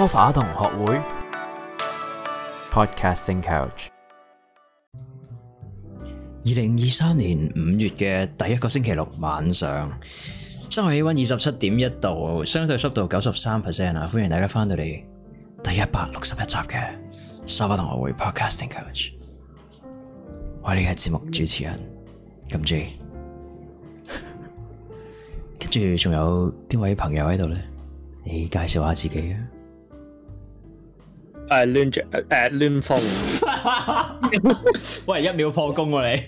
沙發同學會 Podcasting Couch，二零二三年五月嘅第一個星期六晚上，室外氣溫二十七點一度，相對濕度九十三 percent 啊！歡迎大家翻到嚟第一百六十一集嘅沙 a 同學會 Podcasting Couch，我係呢個節目主持人咁 M J，跟住仲有邊位朋友喺度呢？你介紹下自己啊！誒誒亂風，uh, oon, uh, 喂一秒破功喎你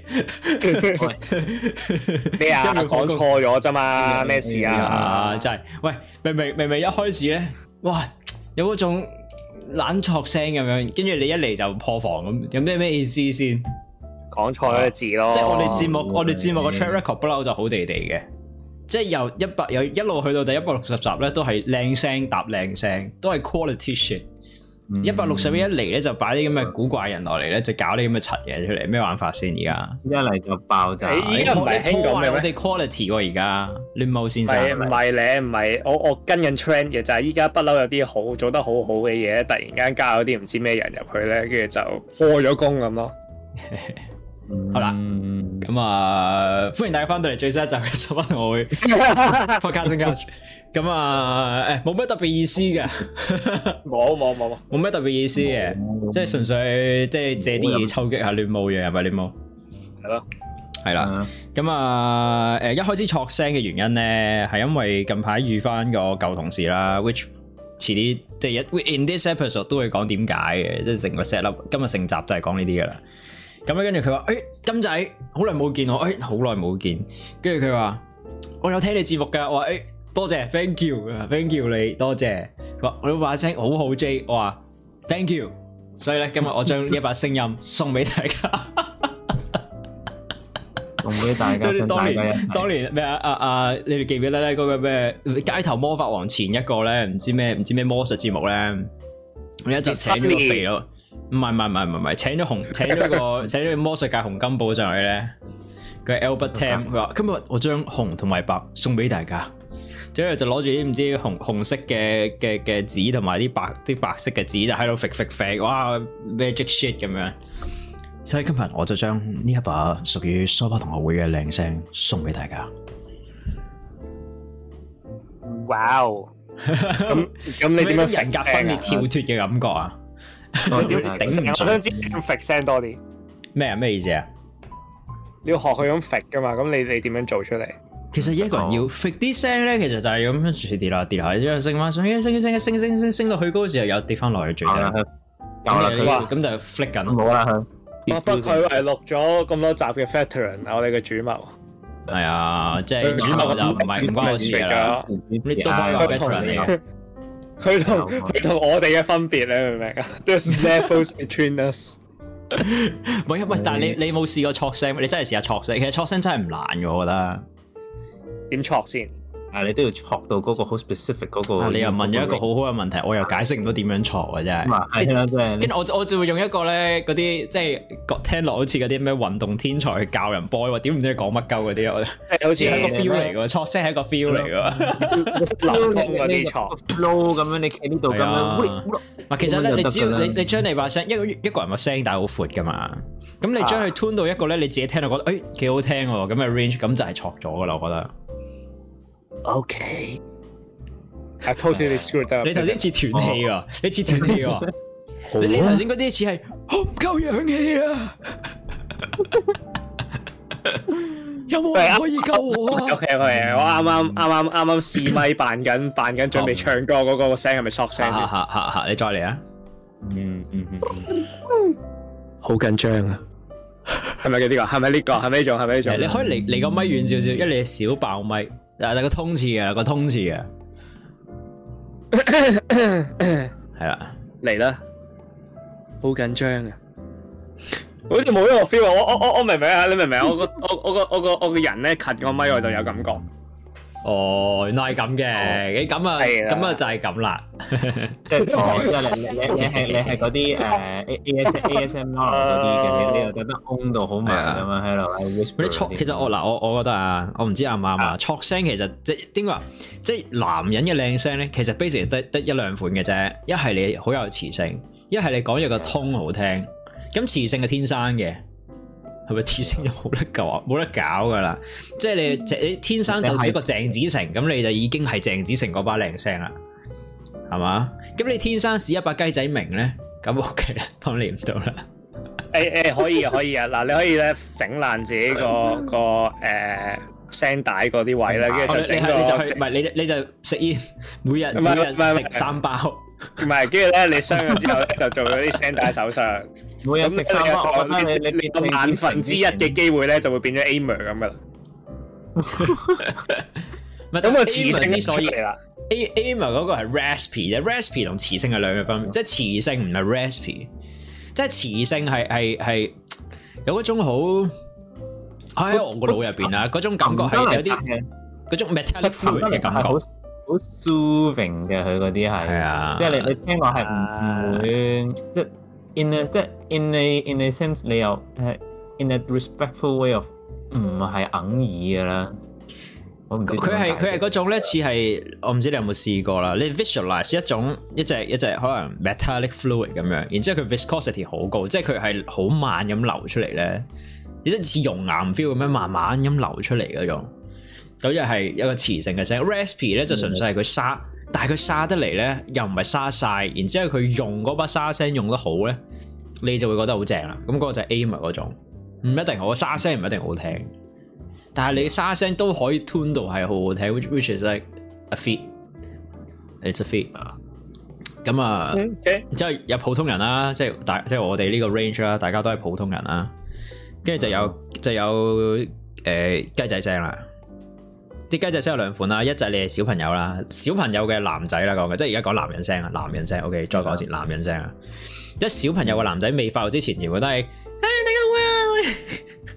你啊講錯咗啫嘛咩事啊啊、哎，真係喂明明明明一開始咧，哇有嗰種懶惰聲咁樣，跟住你一嚟就破防咁，有咩咩意思先？講錯咗個字咯，即係、啊、 我哋節目、嗯、我哋節目個 track record 不嬲的就好地地嘅，即係由一百又一路去到第一百六十集咧，都係靚聲搭靚聲，都係 quality shit。嗯、一百六十億一嚟咧，就擺啲咁嘅古怪人落嚟咧，就搞啲咁嘅柒嘢出嚟。咩玩法先？而家一嚟就爆炸。欸、你唔係 call 咩？我哋 quality 喎，而家亂冇先生。唔係咧，唔係我我跟緊 trend 嘅，就係依家不嬲有啲好做得好好嘅嘢，突然間加咗啲唔知咩人入去咧，跟住就開咗工咁咯。 好啦，咁啊，歡迎大家翻到嚟最新一集嘅《十蚊會 Focus》，咁啊，誒，冇咩特別意思嘅，我冇冇冇，冇咩特別意思嘅，即係純粹即係借啲嘢抽擊下亂舞嘅係咪亂舞，係咯，係啦，咁啊，誒，一開始錯聲嘅原因咧，係因為近排遇翻個舊同事啦，which 遲啲即係一 in this episode 都會講點解嘅，即係成個 set up，今日成集就係講呢啲噶啦。咁咧，跟住佢話，誒，金仔，好耐冇見我，誒，好耐冇見。跟住佢話，我有聽你節目噶我話，誒，多謝，thank you，thank you 你多謝。佢話，你把聲好好 J，我話，thank you。所以咧，今日我將呢一把聲音送俾大家。送俾大家，當年，當年咩啊？阿阿，你哋記唔記得咧？嗰個咩街頭魔法王前一個咧？唔知咩，唔知咩魔術節目咧？我一直請呢個肥咯。唔係，唔係，唔係，唔係，請咗紅，請咗個請咗魔術界紅金寶上去咧。佢係 Albert Tam，佢話今日我將紅同埋白送俾大家，之後就攞住啲唔知紅紅色嘅嘅嘅紙同埋啲白啲白色嘅紙就喺度甩甩甩，哇 Magic shit 咁樣。所以今日我就將呢一把屬於蘇泊同學會嘅靚聲送俾大家。哇！咁咁你點樣吐吐 人格分裂跳脫嘅感覺啊？我點頂唔到，我想知點搣聲多啲。咩啊？咩意思啊？你要學佢咁搣噶嘛？咁你你點樣做出嚟？其實一個人要搣啲聲咧，其實就係咁樣，住跌下跌去，之後升翻，上升升升升升升升到去高嘅時候有跌翻落去最低。有啊，咁就搣緊。冇啦，不過佢係錄咗咁多集嘅 veteran，我哋嘅主謀。係啊，即係主謀就唔係唔關我事啦。呢都關我 veteran 佢同佢同我哋嘅分別咧，你明唔明啊？There's levels between us。唔係啊，喂！但係你你冇試過 chok 聲？你真係試下 chok 聲。其實 chok 聲真係唔難嘅，我覺得。點 chok 先？啊！你都要學到嗰個好 specific 嗰個，那個，那個。你又問咗一個很好好嘅問題，我又解釋唔到點樣錯啊！真係。跟住 我，我就會用一個咧，嗰啲即係聽落好似嗰啲咩運動天才去教人波，點唔知你講乜鳩嗰啲啊？係好似係一個 feel 嚟嘅錯聲係一個 feel 嚟嘅，嗰啲錯 flow 咁樣， 你企呢度咁樣。其實咧，你只要你你將你把聲，一個人把聲帶好闊噶嘛，咁你將佢 tune 到一個咧，你自己聽就覺得誒幾、哎、好聽，咁嘅 range，咁就係錯咗噶啦，我覺得。O K，I totally screwed up。你頭先似斷氣啊，你似斷氣啊，你你頭先嗰啲似係好唔夠氧氣啊。有冇人可以救我啊？O K，O K，我啱啱啱啱啱啱試咪扮緊扮緊準備唱歌嗰個聲係咪索聲？吓吓吓！你再嚟啊！嗯嗯嗯，好緊張啊！係咪嘅呢個？係咪呢個？係咪呢種？係咪呢種？你可以離離個咪遠少少，一嚟小爆咪。但係，係個通詞啊，個通詞啊，係啦，嚟啦，好緊張啊，好似冇一個 feel 啊，我我我我明明啊？你明唔明啊？我,我,我,我,我,我,我個我我個我個我個人咧，近個咪我就有感覺。 哦，原來係咁嘅，誒咁啊，咁啊就係咁啦，即係你你你係嗰啲 AS ASMR 啲嘅，你又覺、uh, 哦這個、得空到好明。咁你挫其實我嗱我我覺得啊，我唔知啱唔啱啊，挫聲其實即係點講，即男人嘅靚聲咧，其實 basic 得得一兩款嘅啫，一係你好有磁性，一係你講嘢個 tone 好聽，咁磁性係天生嘅。係咪天生就冇得救啊？冇得搞噶啦！即係你鄭你天生就似個鄭子誠，咁你就已經係鄭子誠嗰把靚聲啦，係嘛？咁你天生屎一把雞仔明咧，咁 OK 啦，幫你唔到啦。誒誒，可以啊，可以啊！嗱，你可以咧整爛自己個個誒聲帶嗰啲位咧，跟住就整。係係，就唔係你你就食煙，每日每日食三包，唔係，跟住咧你傷咗之後咧，就做咗啲聲帶手術。冇有食，三粒你嘅，萬分之一嘅機會咧，就會變咗 Amer 咁噶啦。咁個磁性之所以 A Amer 嗰個係 recipe 啫 recipe 同磁性係兩嘅分別，即係雌性唔係 recipe 即係雌性係係係有一種好喺我個腦入邊啊，嗰種感覺係有啲嗰種 metallic 嘅感覺，好 soothing 嘅佢嗰啲係，即你你聽話係唔會即。in a 即係 in a in a sense，你又誒 in a respectful way of 唔係硬耳嘅啦，我唔知佢係佢係嗰種咧，似係我唔知你有冇試過啦，你 visualize 一種一隻一隻可能 metallic fluid 咁樣，然之後佢 viscosity 好高，即係佢係好慢咁流出嚟咧，即係似熔岩 feel 咁樣慢慢咁流出嚟嗰種，咁又係一個磁性嘅聲，raspy 咧就純粹係佢沙。但係佢沙得嚟咧，又唔係沙晒。然之後佢用嗰把沙聲用得好咧，你就會覺得好正啦。咁、那、嗰個就係 Aimer 啊嗰種，唔一定我沙聲唔一定好聽，但係你沙聲都可以 tune 到係好好聽，which which is like a feat it's a feat、嗯、啊。咁啊，之後有普通人啦，即係大，即係我哋呢個 range 啦，大家都係普通人啦，跟住就有就有誒雞、呃、仔聲啦。啲雞仔聲有兩款啦，一就係你係小朋友啦，小朋友嘅男仔啦講嘅，即係而家講男人聲啊，男人聲。OK，再講次男人聲啊，一小朋友嘅男仔未發育之前全部都係唉，你好啊，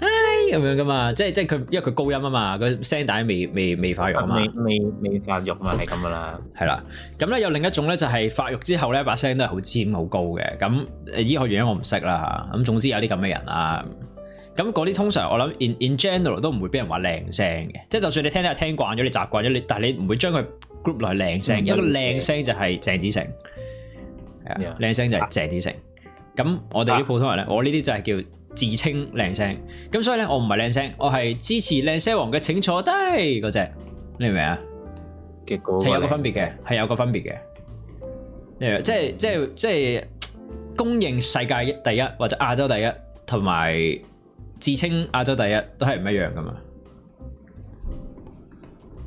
唉 咁樂 樣噶嘛，即係即係佢因為佢高音啊嘛，個聲帶未未未發育啊嘛，未未未發育啊嘛，係咁噶啦，係啦。咁咧有另一種咧就係發育之後咧把聲都係好尖好高嘅，咁醫學原因我唔識啦嚇。咁總之有啲咁嘅人啊。咁嗰啲通常我諗 in in general 都唔會俾人話靚聲嘅，即係就算你聽都係聽慣咗，你習慣咗你，但係你唔會將佢 group 落去靚聲。嗯、有一個靚聲就係鄭子誠，靚聲、嗯啊、就係鄭子誠。咁、啊、我哋啲普通人咧、啊，我呢啲就係叫自稱靚聲。咁所以咧，我唔係靚聲，我係支持靚聲王嘅，請坐低嗰隻，你明唔明啊？係有個分別嘅，係有個分別嘅。即係即係即係公認世界第一或者亞洲第一，同埋。自稱亞洲第一都係唔一樣噶嘛，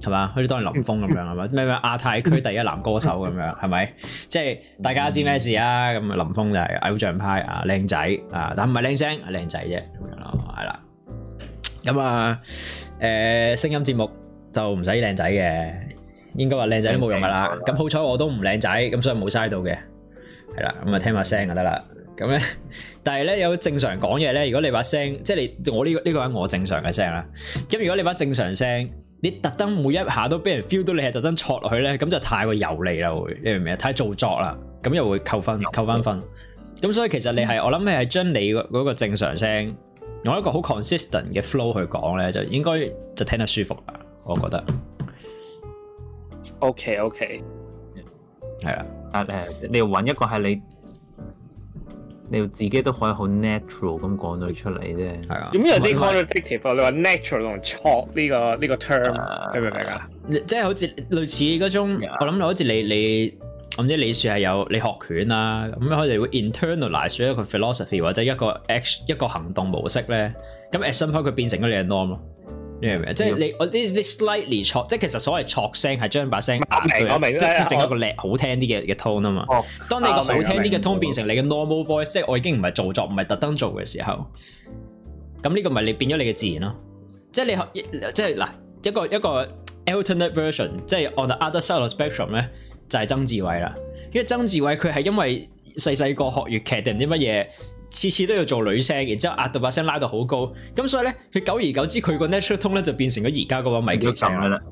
係嘛？好似當年林峰咁樣係嘛？咩咩 亞太區第一男歌手咁樣係咪？ 即係大家知咩事啊？咁、嗯、林峰就係偶像派啊，靚仔啊，但唔係靚聲，靚仔啫咁樣咯，係啦。咁啊，誒、呃、聲音節目就唔使靚仔嘅，應該話靚仔都冇用噶啦。咁、嗯、好彩我都唔靚仔，咁所以冇嘥到嘅，係啦。咁啊，聽下聲就得啦。咁咧，但係咧有正常講嘢咧。如果你把聲，即係你我呢、呢個呢、呢個係我正常嘅聲啦。咁如果你把正常聲，你特登每一下都俾人 feel 到你係特登錯落去咧，咁就太過油膩啦，會你明唔明啊？太做作啦，咁又會扣分，扣翻分。咁所以其實你係我諗你係將你嗰個正常聲，用一個好 consistent 嘅 flow 去講咧，就應該就聽得舒服啦。我覺得。O K O K。係啊，但係你要揾一個係你。你自己都可以好 natural 咁講到出嚟啫，係啊。咁、嗯、有啲 contradictory 你話 natural 同 talk 呢個呢、呢個、term，啊，明唔明啊？即係好似類似嗰種，Yeah. 我諗好似你你，我唔知你算係有你學拳啦、啊，咁佢哋會 internalize 咗一個 philosophy 或者一個 act 一個行動模式咧，咁 at some point 佢變成咗你嘅 norm 咯。嗯、即係你我啲 slightly 挫，即係其實所謂挫聲係將把聲壓平，即係是整我一個叻好聽啲嘅嘅 tone 啊嘛。我當你個好聽啲嘅 tone 變成你嘅 normal voice，即係我已經唔係做作，唔係特登做嘅時候，咁呢個咪你變咗你嘅自然咯。即係你即係嗱一個一個 alternate version，即係 on the other side of spectrum 咧，就係曾志偉啦。因為曾志偉佢係因為細細個學粵劇，定唔知乜嘢。次次都要做女聲，然之後壓到把聲拉到好高，咁所以咧，佢久而久之，佢個 natural tone 咧就變成咗而家嗰個咪奇聲啦。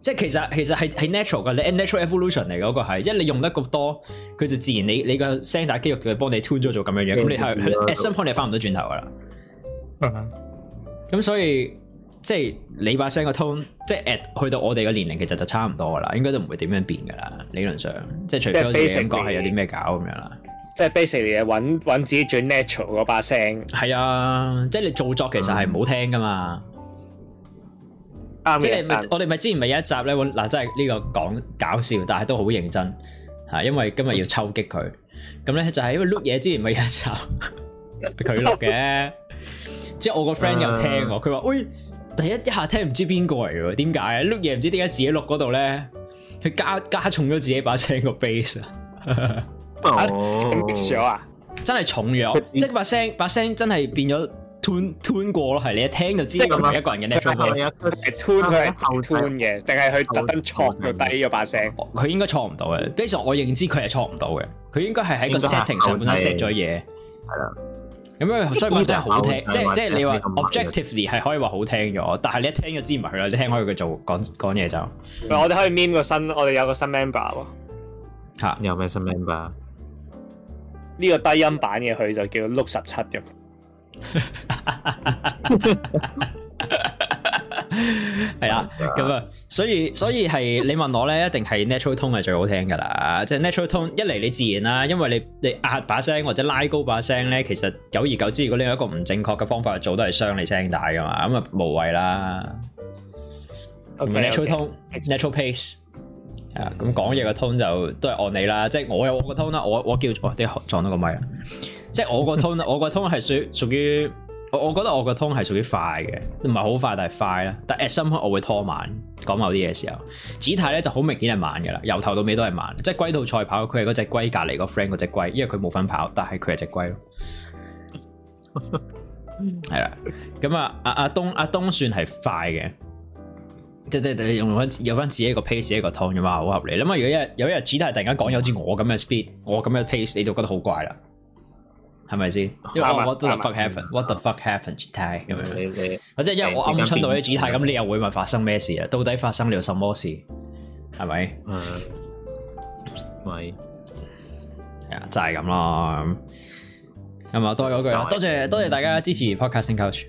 即係其實其實係係 natural 噶，你、那個、natural evolution 嚟嗰個係，因為你用得咁多，佢就自然你你個聲帶肌肉就幫你 tune 咗做咁樣樣，咁的你係的 at some point 你係翻唔到轉頭噶啦。咁、嗯、哼所以即係你把聲個 tone，即係 at 去到我哋嘅年齡，其實就差唔多噶啦，應該都唔會點樣變噶啦。理論上，即係除非你感覺係有啲咩搞咁樣啦。是 即係 basically 揾自己轉 natural 嗰把聲，係啊，即係你做作其實係唔好聽噶嘛，啱嘅。我哋咪之前咪有一集咧，嗱、mm。真係呢個講搞笑，但係都好認真吓，因為今日要抽擊佢。咁咧 就係因為碌嘢之前咪有一集佢錄嘅，即係我個 friend 有聽我，佢話喂，第一一下聽唔知邊個嚟嘅，點解碌嘢唔知點解自己錄嗰度咧？佢加加重咗自己把聲個 base 啊！ 重咗、oh, 啊！真係重咗，他即係把聲把聲真係變咗吞吞過咯，係你一聽就知，即係唔係一個人嘅呢是？佢係吞佢係真吞嘅，定係佢特登挫到低咗把聲？佢應該挫唔到嘅，至少我認知佢係挫唔到嘅。佢應該係喺個 setting 上邊 set 咗嘢，係啦。咁樣所以話真係好聽，即係即係你話 objectively 係可以話好聽咗，但係你一聽就知唔係佢啦。你聽開佢做講講嘢就，我哋可以 mi 個新，我哋有個新 member 喎。吓、啊，有咩新 member？呢個低音版嘅佢就叫六十七咁，係啊咁啊，所以所以係你問我咧，一定係 natural tone 係最好聽㗎喇，即係 natural tone 一嚟你自然啦、啊，因為你你壓把聲或者拉高把聲咧，其實久而久之，如果你有一個唔正確嘅方法嚟做，都係傷你聲帶㗎嘛，咁啊無謂啦。Okay, okay. natural tone，natural Okay. pace。啊，咁講嘢個 tone 就都係按你啦，即係我有我個 tone 啦，我我叫做啲、哦、撞到個咪啊，即係我個 tone o 我個 tone 係屬於我，我覺得我個 tone 係屬於快嘅，唔係好快，但係快啦。但係 at some point 我會拖慢講某啲嘢時候，指太咧就好明顯係慢噶啦，由頭到尾都係慢。即係龜兔賽跑，佢係嗰隻龜隔離個 friend 嗰隻龜，因為佢冇份跑，但係佢係隻龜咯。係啦咁啊，阿、啊、阿東阿、啊、東算係快嘅。即係你用翻，有翻自己一個 pace，一個 tone 嘅嘛，好合理。諗下如果一有一日主題突然間講有似我咁嘅 speed，我咁嘅 pace，你就覺得好怪啦，係咪先？what happened？what the fuck happened？主題咁樣，或者因為我啱出到啲主題，咁你又會問發生咩事啊？到底發生了什麼事？係咪？咪係啊，就係咁咯。咁啊，多句，多謝多謝大家支持 Podcasting Coach。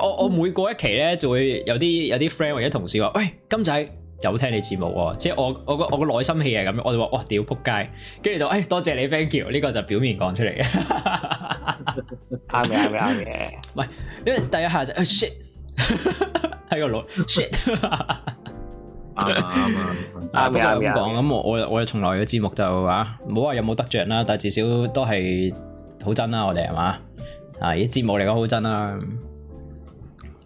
我我每過一期咧，就會有啲有啲 friend 或者同事話：，喂、欸，金仔有聽你節目喎，即係我我個我個內心戲係咁樣，我就話：，哇、哦，屌，扑街，跟住就，哎，多謝你，thank you，呢個就表面講出嚟嘅，啱 嘅，啱嘅，啱嘅，唔係，因為第一下就，shit，喺個腦，shit，啱啊，啱啊，啱啊，咁、啊、講，咁我我我從來個節目就啊，唔好話有冇得着啦，但係至少都係好真啦，我哋係嘛，啊，啲節目嚟講好真啦。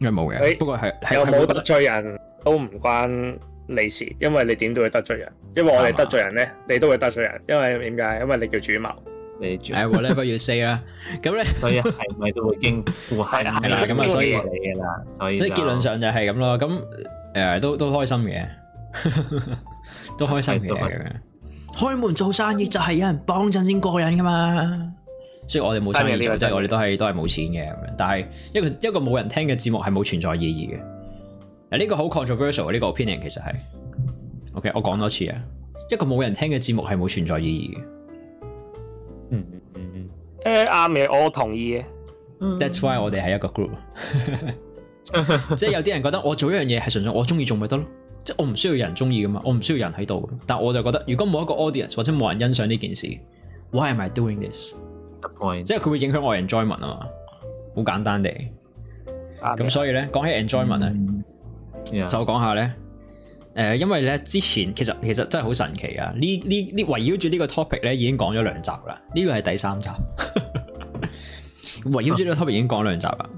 因為冇嘅，不過係又冇得罪人都唔關你事，因為你點都會得罪人，因為我哋得罪人咧，你都會得罪人，因為點解？因為你叫主謀，你主係 whatever you say 啦，咁咧，所以係咪都已經係啦，係啦，咁啊，所以你噶啦，所以所以結論上就係咁咯，咁誒都都開心嘅，都開心嘅。開門做生意就係有人幫襯先過癮噶嘛。所以我哋冇收錢，即係我哋都係都係冇錢嘅。但係一個一個冇人聽嘅節目係冇存在意義嘅。嗱、呢個，呢、呢個好 controversial，呢個 opinion 其實係。OK，我講多次啊，一個冇人聽嘅節目係冇存在意義嘅，嗯。嗯嗯嗯嗯。阿明 's、嗯，我同意。That's why 我哋係一個 group。 即係有啲人覺得我做一樣嘢係純粹我中意做咪得咯，即係我唔需要有人中意噶嘛，我唔需要人喺度。但係我就覺得，如果冇一個 audience 或者冇人欣賞呢件事，Why am I doing this？The 即係佢會影響我 enjoyment 啊嘛，好簡單地，咁所以咧講 Yeah. 起 enjoyment 咧，mm hmm. yeah. 就講下咧，誒、呃，因為咧之前其實其實真係好神奇啊！呢呢呢圍繞住呢個 topic 咧已經講咗兩集啦，呢個係第三集，圍繞住呢個 topic 已經講兩集啦，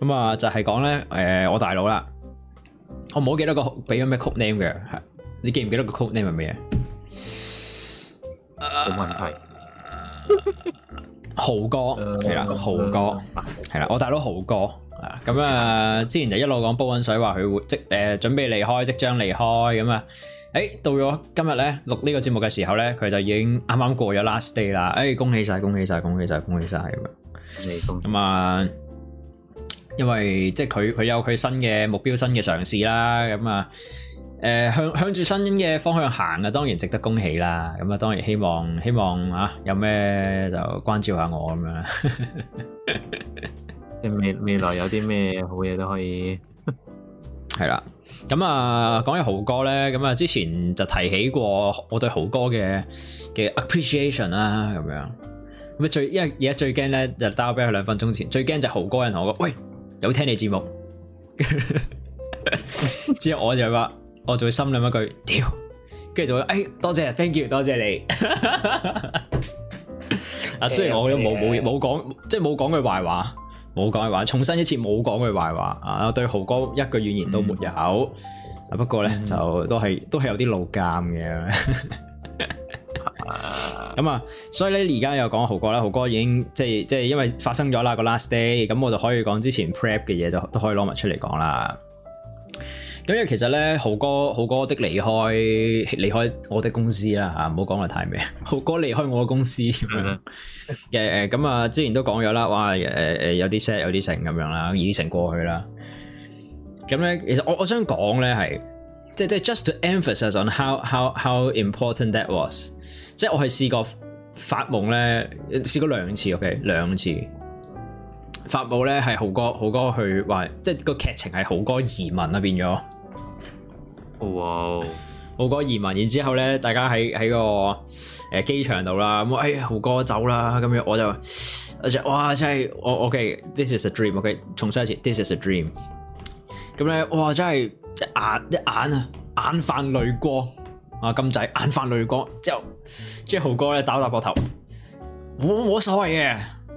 咁啊 就係講咧，誒、呃，我大佬啦，我唔好記得個俾咗咩 code name 嘅，你記唔記得個 code name 係咩嘢？冇問題。Uh, 豪哥係啦，豪哥係啦，我大佬豪哥，咁啊，之前就一路講煲溫水，話佢會即誒、呃、準備離開，即將離開咁啊，誒、欸、到咗今日咧錄呢個節目嘅時候咧，佢就已經啱啱過咗 last day 啦，誒，恭喜晒，恭喜晒，恭喜晒，恭喜晒咁啊，咁 啊，因為即係佢佢有佢新嘅目標，新嘅嘗試啦，咁啊。誒、呃，向向住新嘅方向行啊，當然值得恭喜啦。咁啊，當然希望希望啊，有咩就關照下我咁樣啦。 未未來有啲咩好嘢都可以。係 啦，咁啊，講起豪哥咧，咁啊，之前就提起過我對豪哥嘅嘅 appreciation 啦，咁樣咁啊，最因為而家最驚咧就打俾佢兩分鐘前，最驚就係豪哥人同我講，喂，有聽你節目，之後我就話。我就會心諗一句，屌，跟住就會說，哎，多謝，謝，thank you，多謝，謝你。啊， 雖然我都冇冇冇講，即係冇講句壞話，冇講句話，重新一次冇講句壞話，啊，我對豪哥一句怨言都沒有。啊，mm. 不過咧就都係都係有啲老鑒嘅。咁 啊，所以咧而家又講豪哥啦，豪哥已經即係即係因為發生咗啦，個 last day，咁我就可以講之前 prep 嘅嘢，就都可以攞埋出嚟講啦。咁因為其實咧，豪哥豪哥的離開離開我的公司啦吓，唔好講得太咩，豪哥離開我嘅公司，嘅誒咁啊， 之前都講咗啦，哇誒誒有啲 sad 有啲成咁樣啦，已經成過去啦。咁咧其實我我想講咧係，即係即係 just to emphasise on how how how important that was，即係我係試過發夢咧，試過兩次，ok 兩次，發夢咧係豪哥豪哥去話，即係、就是、個劇情係豪哥移民啦、啊、變咗。哇！豪 Wow, 哥移民，然之後咧，大家喺喺個誒、呃、機場度啦，咁哎豪哥走啦，咁樣我就我就哇真係，我、哦、OK，This、okay, is a dream，OK，重新一次，This is a dream okay。咁咧，哇真係一眼一眼，眼啊，眼泛淚光啊，金仔眼泛淚光，之後即係豪哥咧打一打膊頭，我冇所謂嘅。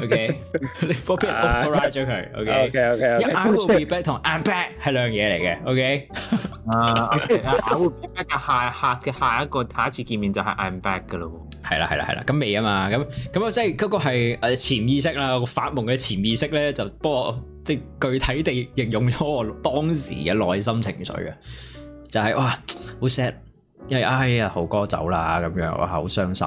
O、okay, K，你 forget 咗佢。O K，O K，O K。 一 I'm back 同 I'm back 係兩樣嘢嚟嘅。O K，啊，I'm back 下下嘅下,下一個下一次見面就係 I'm back 噶咯。係啦，係啦，係啦。咁未啊嘛？咁咁啊，即係嗰、那個係誒潛意識啦，發夢嘅潛意識咧，就幫我即係具體地形容咗我當時嘅內心情緒嘅就係、是、哇，好 sad，因為哎呀豪哥走啦咁樣，哇好傷心。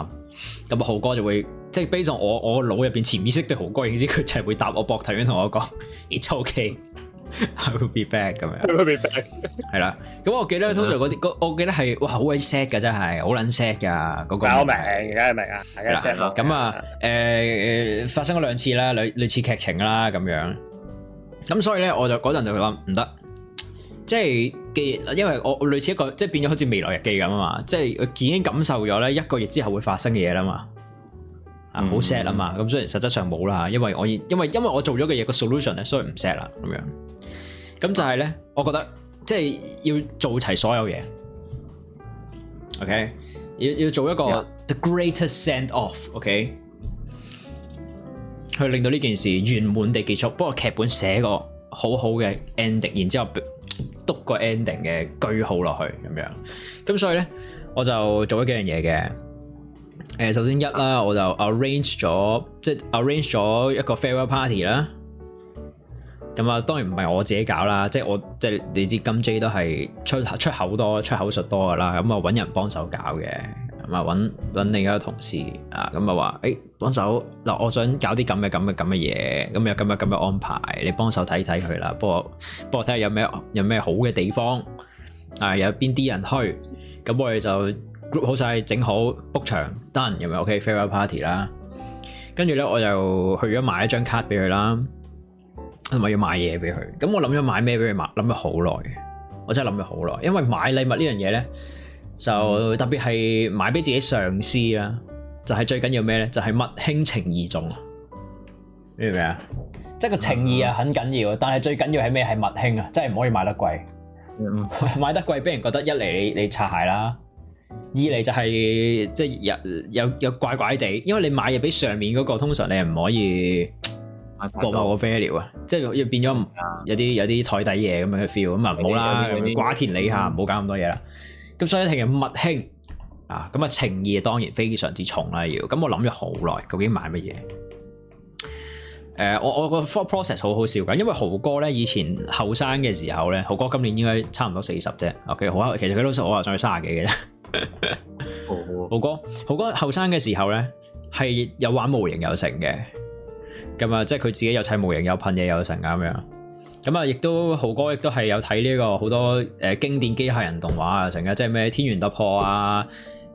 咁豪哥就會。即係悲我我腦入邊潛意識都好高。總之佢就係會搭我膊頭咁樣同我講，it's okay，I will be back 咁樣。I will be back。係啦，咁我記得通常嗰啲，我記得係哇好鬼 sad 噶，真係好撚 sad 噶嗰個。梗係明，梗係明啊！係咁啊，誒，發生咗兩次啦，類類似劇情啦，咁樣。咁所以咧，我就嗰陣就諗唔得，即係既然因為我類似一個即係變咗好似未來日記咁啊嘛，即係已經感受咗咧，一個月之後會發生嘅嘢啦嘛。啊，好 sad 啊嘛，咁所以實質上冇啦，因為我因因為因為我做咗嘅嘢個 solution 咧，所以唔 sad 啦，咁樣，咁就係咧，我覺得即係要做齊所有嘢，ok，要要做一個 the greater send off，ok，去令到呢件事圓滿地結束。不過劇本寫個好好嘅 ending，然之後篤個 ending 嘅句號落去，咁樣，咁所以咧，我就做咗幾樣嘢嘅。誒，首先一啦，我就 arrange 咗，即係 arrange 咗一個 farewell party 啦。咁啊，當然唔係我自己搞啦，即係我即係你知金 J 都係出出口多、出口術多噶啦。咁啊，搵人幫手搞嘅，咁啊搵另一個同事啊，咁啊話誒幫手嗱，我想搞啲咁嘅咁嘅咁嘅嘢，咁有咁嘅咁嘅安排，你幫手睇睇佢啦。幫我幫我睇下有咩有咩好嘅地方啊，有邊啲人去，咁我哋就，group 好晒，整好 book 場 done 又咪 OK farewell party 啦。跟住咧，我又去咗買一張卡俾佢啦，同埋要買嘢俾佢。咁我諗咗買咩俾佢買，諗咗好耐，我真係諗咗好耐。因為買禮物呢樣嘢咧，就特別係買俾自己上司啦，就係、是、最緊要咩咧？就係物輕情義重，你明唔明啊？即係個情義啊，很緊要，嗯、但係最緊要係咩？係物輕啊，真係唔可以買得貴。嗯、 買得貴俾人覺得一嚟你擦鞋啦。二嚟就係、是、即係有有有怪怪地，因為你買嘢俾上面嗰、那個，通常你係唔可以過埋個 feel 啊，即係要變咗有啲有啲台底嘢咁樣 feel，咁啊唔好啦，寡田理下，唔好、嗯、搞咁多嘢啦。咁所以聽人物興啊，咁啊情意當然非常之重啦，要咁我諗咗好耐，究竟買乜嘢？誒、呃，我我個 four process 好好笑噶，因為豪哥咧以前後生嘅時候咧，豪哥今年應該差唔多四十啫。OK，好啊，其實佢老實我話仲係卅幾嘅啫。 豪哥，豪哥後生嘅時候咧，係有玩模型有成嘅，咁啊，即係佢自己有砌模型，有噴嘢有成噶咁樣，咁啊，亦都豪哥亦都係有睇呢個好多誒、呃、經典機械人動畫啊成嘅，即係咩天元突破啊，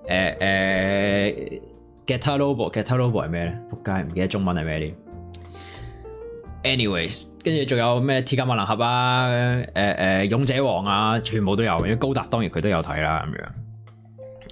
誒誒，Geta Robo，Geta Robo 係咩咧？仆、呃、街，唔記得中文係咩啲。Anyways，跟住仲有咩鐵甲萬能俠啊，誒、呃、誒，勇者王啊，全部都有，高達當然佢都有睇啦，咁樣。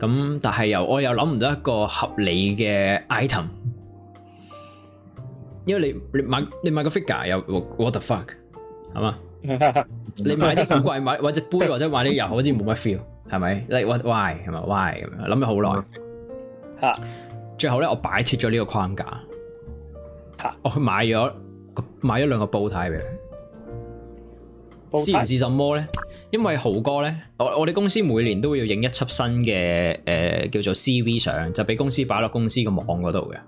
咁但係又我又諗唔到一個合理嘅 item，因為你你買你買個 figure 又 what the fuck 係嘛？ 你買啲好怪，買買隻杯或者買啲油好似冇乜 feel 係咪？like what why 係咪 why 咁樣諗咗好耐吓， 最後咧我擺設咗呢個框架吓， 我去買咗買咗兩個煲呔俾佢。私人是什麼呢？因為豪哥呢，我我哋公司每年都會要影一輯新嘅誒、呃、叫做 CV 相，就俾公司擺落公司個網嗰度嘅。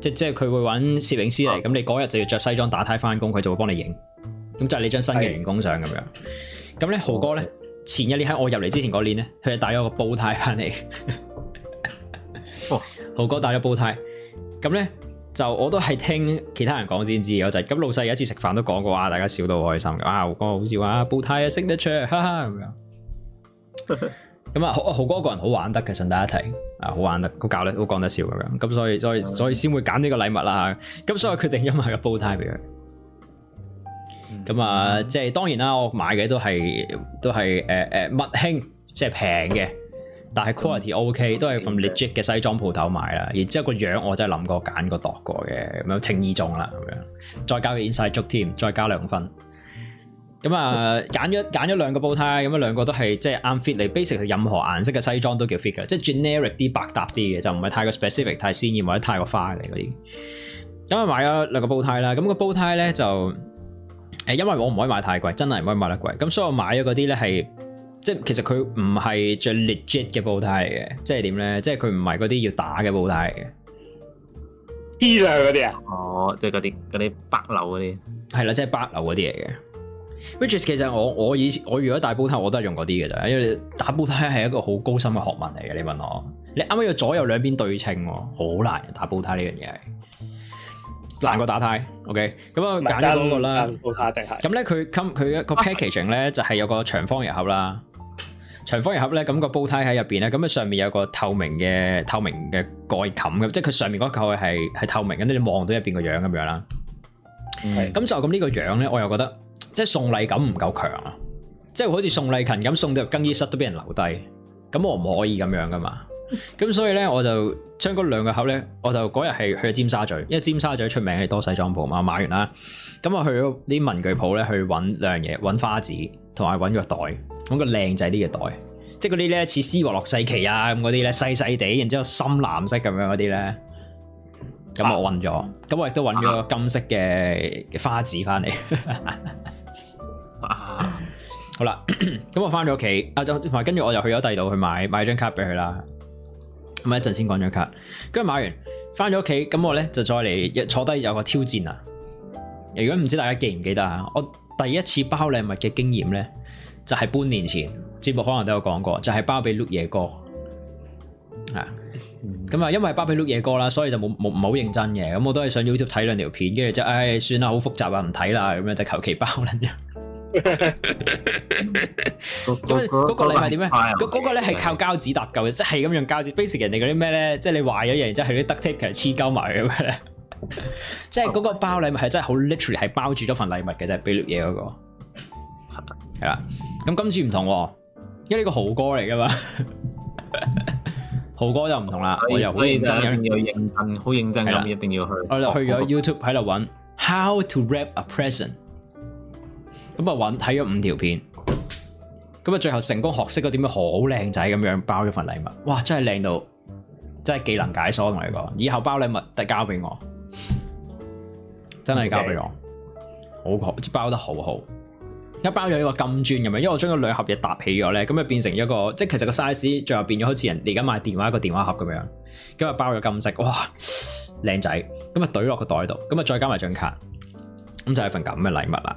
即即係佢會揾攝影師嚟，咁、啊、你嗰日就要着西裝打呔翻工，佢就會幫你影。咁就係你張新嘅員工相咁樣。咁呢的，豪哥呢，前一年喺我入嚟之前嗰年呢，佢就帶咗個煲呔翻嚟。 哦、豪哥帶咗煲呔，咁呢。就我都係聽其他人講先知嘅。就咁老細有一次食飯都講過，啊，大家笑到好開心嘅，啊，豪哥好似話煲呔啊，識得出，哈哈咁樣。咁啊， 豪哥一個人好玩得嘅，順帶一提啊，好玩得好搞得，咧都講得笑咁樣，咁所以所以所以先會揀呢個禮物啦吓。咁所以決定咗買個煲呔俾佢。咁啊、嗯，即係當然啦，我買嘅都係都係誒誒物輕，即係平嘅。但係 quality OK，都係咁 legit 嘅西裝鋪頭買啦。嗯、然之後個樣我真係諗過揀過度過嘅，咁樣情意重啦，咁樣再加 inside joke 添，再加兩分。咁啊，揀咗揀咗兩個煲胎，咁啊兩個都係即係啱 fit 嚟，basic 係任何顏色嘅西裝都叫 fit 嘅，即係 generic 啲、百搭啲嘅，就唔係太過 specific 太、太鮮豔或者太過花嘅嗰啲。咁啊買咗兩個煲胎啦，咁個煲胎咧就誒，因為我唔可以買太貴，真係唔可以買得貴，咁所以我買咗嗰啲咧係。即係其實佢唔係最 legit 嘅煲呔嚟嘅，即係點咧？即係佢唔係嗰啲要打嘅煲呔嚟嘅，P 上嗰啲啊？哦、oh,，即係嗰啲嗰啲北樓嗰啲，係啦，即係北樓嗰啲嚟嘅。Which is 其實我我以前我，我如果打煲呔我都係用嗰啲嘅咋，因為打煲呔係一個好高深嘅學問嚟嘅。你問我，你啱啱要左右兩邊對稱、哦，好難打煲呔呢樣嘢係難過打胎。OK，咁啊揀呢個啦，煲呔。定係？咁咧佢 c 佢一個 packaging 咧就係有個長方入口啦。長方形盒咧，咁個煲呔喺入邊咧，咁啊上面有個透明嘅透明嘅蓋冚嘅，即係佢上面嗰嚿嘢係係透明嘅，你望到入邊個樣咁樣啦。咁就咁呢個樣咧，我又覺得即係送禮感唔夠強啊！即係好似宋麗勤咁送到入更衣室都俾人留低，咁我唔可以咁樣噶嘛？咁所以咧，我就將嗰兩個盒咧，我就嗰日係去咗尖沙咀，因為尖沙咀出名係多西裝舖嘛，買完啦。咁我去咗啲文具鋪咧，去揾兩樣嘢，揾花紙。同埋揾個袋，揾個靚仔啲嘅袋，即係嗰啲咧似施華洛世奇啊咁嗰啲咧細細地，然之後深藍色咁樣嗰啲咧，咁我揾咗，咁、啊、我亦都揾咗個金色嘅花紙翻嚟。 好啦，咁我翻咗屋企，啊就同埋跟住我又去咗第二度去買買張卡俾佢啦。咁啊一陣先講張卡，跟住買完翻咗屋企，咁我咧就再嚟坐低有一個挑戰啊！如果唔知道大家記唔記得啊，我第一次包禮物嘅經驗咧，就係、是、半年前節目可能都有講過，就係、是、包俾碌野哥啊。咁啊，因為包俾碌野哥啦，所以就冇冇唔係好認真嘅。咁我都係上 YouTube 睇兩條片，跟住就唉、哎、算啦，好複雜啊，唔睇啦咁樣就求其包啦啫。因為嗰個禮物點咧？嗰個咧係靠膠紙搭救嘅，即係咁用膠紙。Basically 人哋嗰啲咩咧？即、就、係、是、你壞咗嘢，然即係啲 duct tape 其實黐膠埋咁嘅咧。即係嗰個包禮物係真係好 literally 係包住咗份禮物嘅，就係俾嘢嗰個係啦。咁 今次唔同、啊，因為呢個豪哥嚟噶嘛， 豪哥就唔同啦。 我又好認真，所以好認真，好認真咁，的 一定要去。我就去咗 YouTube 喺度揾 How to Wrap a Present。咁啊，揾睇咗五條片，咁啊，最後成功學識咗點樣好靚仔咁樣包咗份禮物。哇，真係靚到，真係技能解鎖同你講，以後包禮物都交俾我。真係交俾我，Okay. 好包，即包得好好。一包咗呢個金磚咁樣，因為我將嗰兩盒嘢搭起咗咧，咁啊變成一個，即係其實個 size 最後變咗好似人而家買電話一個電話盒咁樣，咁啊包咗金色，哇，靚仔，咁啊懟落個袋度，咁啊再加埋張卡，咁就係、一、份咁嘅禮物啦。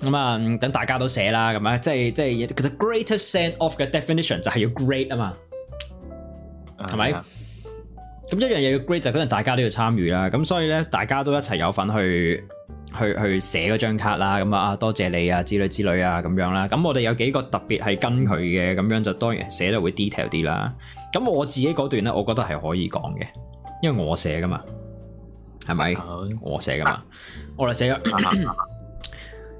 咁啊，等大家都寫啦，咁啊，即係即係，佢嘅 greater send off 嘅 definition 就係要 great 啊嘛，係咪？咁一樣嘢要 great 就可能大家都要參與啦，咁所以咧，大家都一齊有份去去去寫嗰張卡啦，咁啊多謝你啊之類之類啊咁樣啦，咁我哋有幾個特別係跟佢嘅，咁樣就當然寫得會 detail 啲啦。咁我自己嗰段咧，我覺得係可以講嘅，因為我寫噶嘛，係咪？啊、我寫噶嘛，啊、我哋寫啦。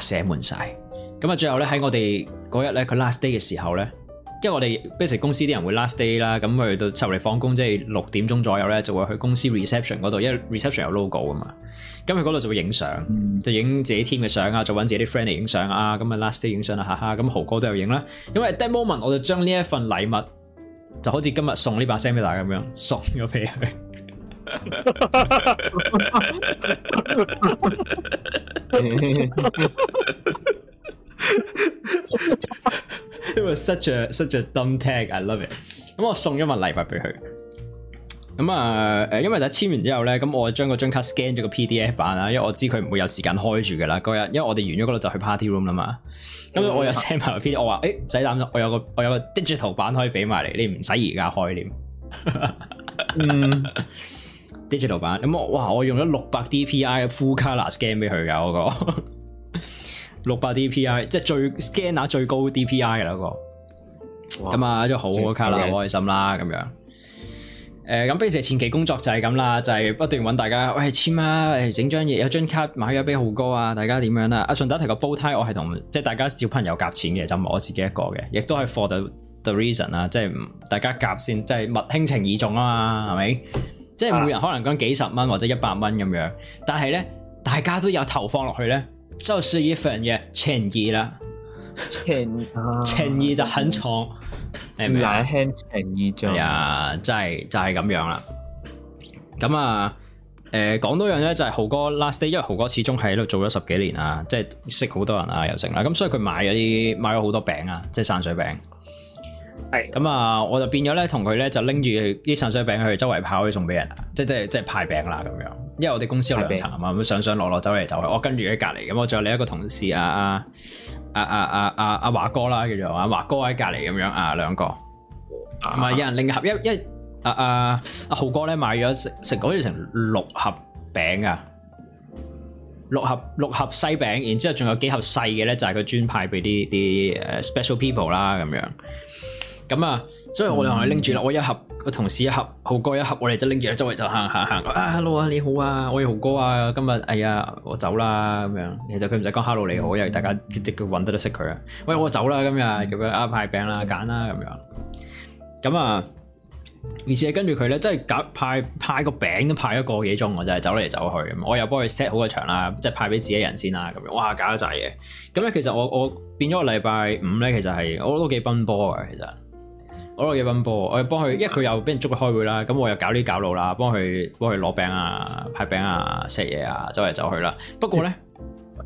寫滿晒，咁啊，最後咧，喺我哋嗰日咧，佢 last day 嘅時候咧，因為我哋 base 公司啲人會 last day 啦，咁去到抽離放工即係六點鐘左右咧，就會去公司 reception 嗰度，因為 reception 有 logo 啊嘛，咁佢嗰度就會影相、嗯，就影自己 team 嘅相啊，就搵自己啲 friend 嚟影相啊，咁啊 last day 影相啦吓，咁豪哥都有影啦，因為 that moment 我就將呢一份禮物就好似今日送呢把聲俾大家咁樣送咗俾佢。因為 such a such a dumb tag，I love it。咁我送咗份禮物俾佢。咁啊，誒，因為第一簽完之後咧，咁我將個張卡 scan 咗個 PDF 版啦，因為我知佢唔會有時間開住噶啦。嗰日因為我哋完咗嗰度就去 party room 啦嘛。咁我又 send 埋個 PDF，我話誒，唔使擔心，我有個我有個 digital 版可以俾埋你，你唔使而家開添。 digital 版咁我哇，我用咗六百 DPI 嘅 full color scan 俾佢噶嗰個六百 DPI，即係最 scanner 最高 DPI 嘅嗰，那個咁啊，就哇好好卡啦，好開心啦，咁樣誒。咁、呃，平時前期工作就係咁啦，就係、是、不斷搵大家喂簽啊，嚟整張嘢，有張卡買咗俾浩哥啊，大家點樣啦、啊？阿順德提個煲胎，我係同即係大家小朋友夾錢嘅，就唔係我自己一個嘅，亦都係 for the, the reason 啦，即係大家夾先，即係物輕情義重啊嘛，係咪？即係每人可能講幾十蚊或者一百蚊咁樣，但係咧，大家都有投放落去咧，就屬、是、於份嘅情意啦。情情、啊、就很重，唔難輕情意就啊，真係就係、是、咁、就是、樣啦。咁啊，誒、呃、講多樣咧，就係豪哥 last day，因為豪哥始終喺度做咗十幾年啊，即係識好多人啊，又成啦。咁所以佢買咗啲買咗好多餅啊，即係散水餅。係咁啊！我就變咗咧，同佢咧就拎住啲散水餅去周圍跑，去送俾人，即係即係即係派餅啦咁樣。因為我哋公司有兩層啊嘛，咁兵上上落落走嚟走去，我跟住喺隔籬咁。我仲有另一個同事啊啊啊啊啊阿華哥啦，叫做阿華哥喺隔籬咁樣啊兩個唔係、啊、有人另合一盒一,一啊啊阿豪哥咧買咗成成好似成六盒餅啊，六盒六盒西餅，然之後仲有幾盒細嘅咧，就係、是、佢專派俾啲啲誒 special people 啦咁樣。咁啊，所以我哋同佢拎住啦。嗯、我一盒個同事一盒，豪哥一盒，我哋就拎住啦。周圍就行行行，啊，Hello 啊，Hello, 你好啊，我係豪哥啊，今日哎呀，我走啦咁樣。其實佢唔使講，hello 你好，嗯、因為大家即佢搵得都識佢啊。喂，我走啦今日咁樣啊，派餅啦，揀啦咁樣。咁啊，而且跟住佢咧，真係搞派派個餅都派一個幾鐘，我就係走嚟走去。咁。我又幫佢 set 好個場啦，即係派俾自己人先啦，咁樣哇，搞得滯嘢。咁咧、啊，其實我我變咗個禮拜五咧，其實係我都幾奔波啊。其實。好多嘢奔波，我又幫佢，因為佢又俾人捉佢開會啦，咁我又搞呢搞路啦，幫佢幫佢攞餅啊、派餅啊、食嘢啊、走嚟走去啦。不過咧，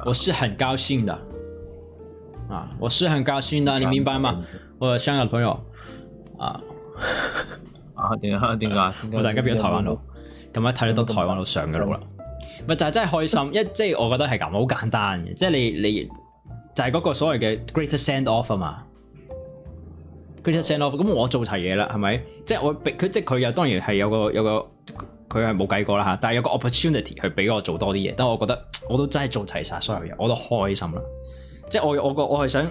我是很高興的啊，我是很高興的，你明白嘛？我香港朋友啊啊，點解點解我突然間變咗台灣佬？咁樣睇到台灣佬上嘅路啦，咪就係真係開心，一即係我覺得係咁，好簡單嘅，即係你你就係嗰個所謂嘅 greater send off 啊嘛。佢咁我做齊嘢啦，係咪？即係我俾佢，即係佢又當然係有個有個佢係冇計過啦吓，但係有個 opportunity 去俾我做多啲嘢。但我覺得我都真係做齊晒所有嘢，我都開心啦。即係我我我係想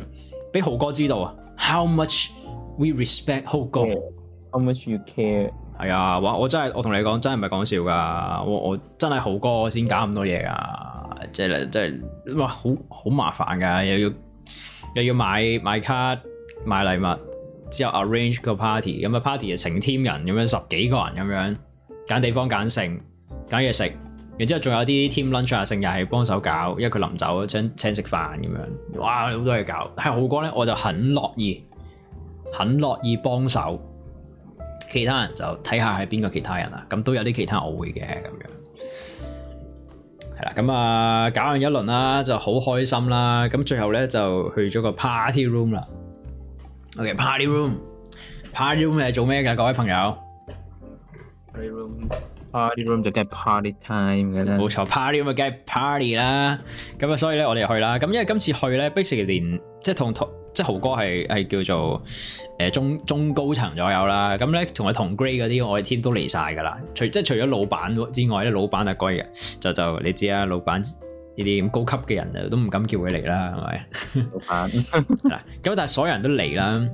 俾豪哥知道啊，how much we respect 豪哥 yeah,how much you care，哎。係啊，我真係我同你講真係唔係講笑㗎，我真我，我真係豪哥先搞咁多嘢啊！即係即係哇，好好麻煩㗎，又要又要買買卡買禮物。之後 arrange 個 party，咁啊 party 啊成 team 人咁樣十幾個人咁樣揀地方、揀剩、揀嘢食，然之後仲有啲 team lunch 啊，成日係幫手搞，因為佢臨走請請食飯咁樣，哇好多嘢搞。係浩哥咧，我就很樂意、很樂意幫手。其他人就睇下係邊個其他人啦，咁都有啲其他我會嘅咁樣。係啦，咁啊搞完一輪啦，就好開心啦。咁最後咧就去咗個 party room 啦。OK，party room，party room 係做咩噶？各位朋友，party room，party room 就 get party time 噶啦。冇錯，party room 咪 get party 啦。咁啊，所以咧我哋去啦。咁因為今次去咧，basically 連即係同同即係豪哥係係叫做誒、呃、中中高層左右啦。咁咧同我同 grey 嗰啲，我哋 team 都嚟晒噶啦。除即係除咗老闆之外咧，老闆阿龜嘅就就你知啦，老闆。呢啲咁高級嘅人啊，都唔敢叫佢嚟啦，係咪？咁 但係所有人都嚟啦，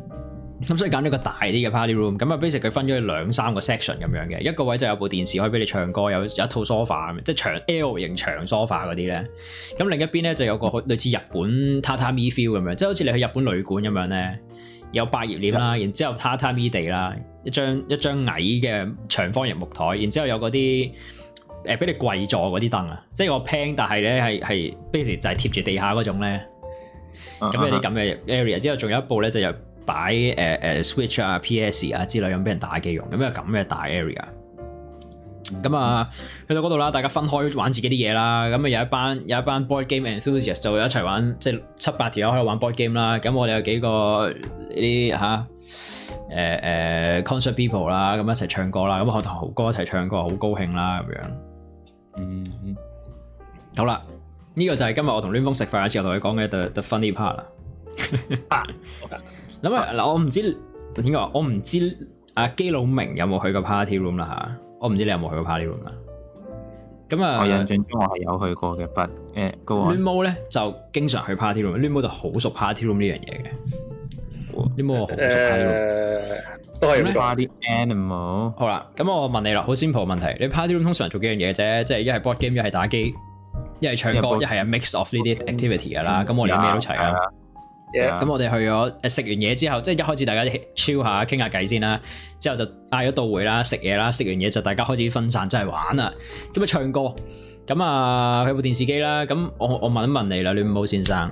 咁所以揀咗個大啲嘅 party room。咁啊 Basically 佢分咗兩三個 section 咁樣嘅，一個位就有部電視可以俾你唱歌，有有一套 sofa 即係長 L 型長 sofa 嗰啲咧。咁另一邊咧就有個類似日本榻榻米 feel 咁樣，即係好似你去日本旅館咁樣咧，有百葉簾啦，然之後榻榻米地啦，一張一張矮嘅長方形木台，然之後有嗰啲。誒俾你跪坐嗰啲凳啊，即係我 pan，但係咧係係平時就係貼住地下嗰種咧。咁有啲咁嘅 area，之後仲有一部咧就又擺誒誒、呃呃、switch 啊、PS 啊之類咁俾人打機用，咁有咁嘅大 area。咁啊去到嗰度啦，大家分開玩自己啲嘢啦。咁啊有一班有一班 board game enthusiasts 就會一齊玩，即係七八條友喺度玩 board game 啦。咁我哋有幾個啲嚇誒誒、呃呃、concert people 啦，咁一齊唱歌啦。咁我同豪哥一齊唱歌，好高興啦咁樣。嗯，好啦，呢、這個就係今日我同亂毛食飯一次，我同佢講嘅 the the funny part 啦。咁 啊，嗱 Okay,、啊，我唔知點解，我唔知阿基老明有冇去過 party room 啦吓，我唔知你有冇去過 party room 啊？咁啊，我印象中我係有去過嘅，but 誒、uh,，亂毛咧就經常去 party room，亂毛就好熟 party room 呢樣嘢嘅。 有冇好？誒，都係咩？Party animal。好啦，咁我問你啦，好 simple 問題。你 party room 通常做幾樣嘢啫？即係一係 board game，一係打機，一係唱歌，一係 mix of 呢啲 activity 噶啦。咁、嗯、我哋咩都齊啦。咁我哋去咗食、啊、完嘢之後，即係一開始大家 chill 下，傾下偈先啦。之後就嗌咗到會啦，食嘢啦。食完嘢就大家開始分散真係玩啦。咁啊唱歌，咁啊去部電視機啦。咁我我問一問你啦，亂舞先生。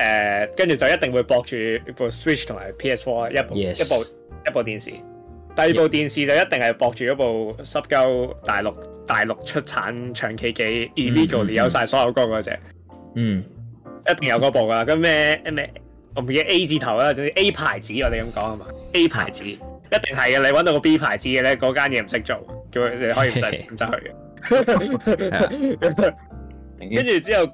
誒，跟住、呃、就一定會駁住部 Switch 同埋 PS4 一部 PS 4, 一部, Yes. 一,部一部電視，第二部電視就一定係駁住嗰部濕鳩大陸大陸出產長期機，illegal、mm hmm. 有晒所有歌嗰隻，嗯、mm，hmm. 一定有嗰部噶，咁咩咩我唔記得 A 字頭啦，A 牌子我哋咁講係嘛，A 牌子一定係嘅，你搵到個 B 牌子嘅咧，嗰間嘢唔識做，叫佢你可以唔使唔使去，跟 住 Yeah. 之後。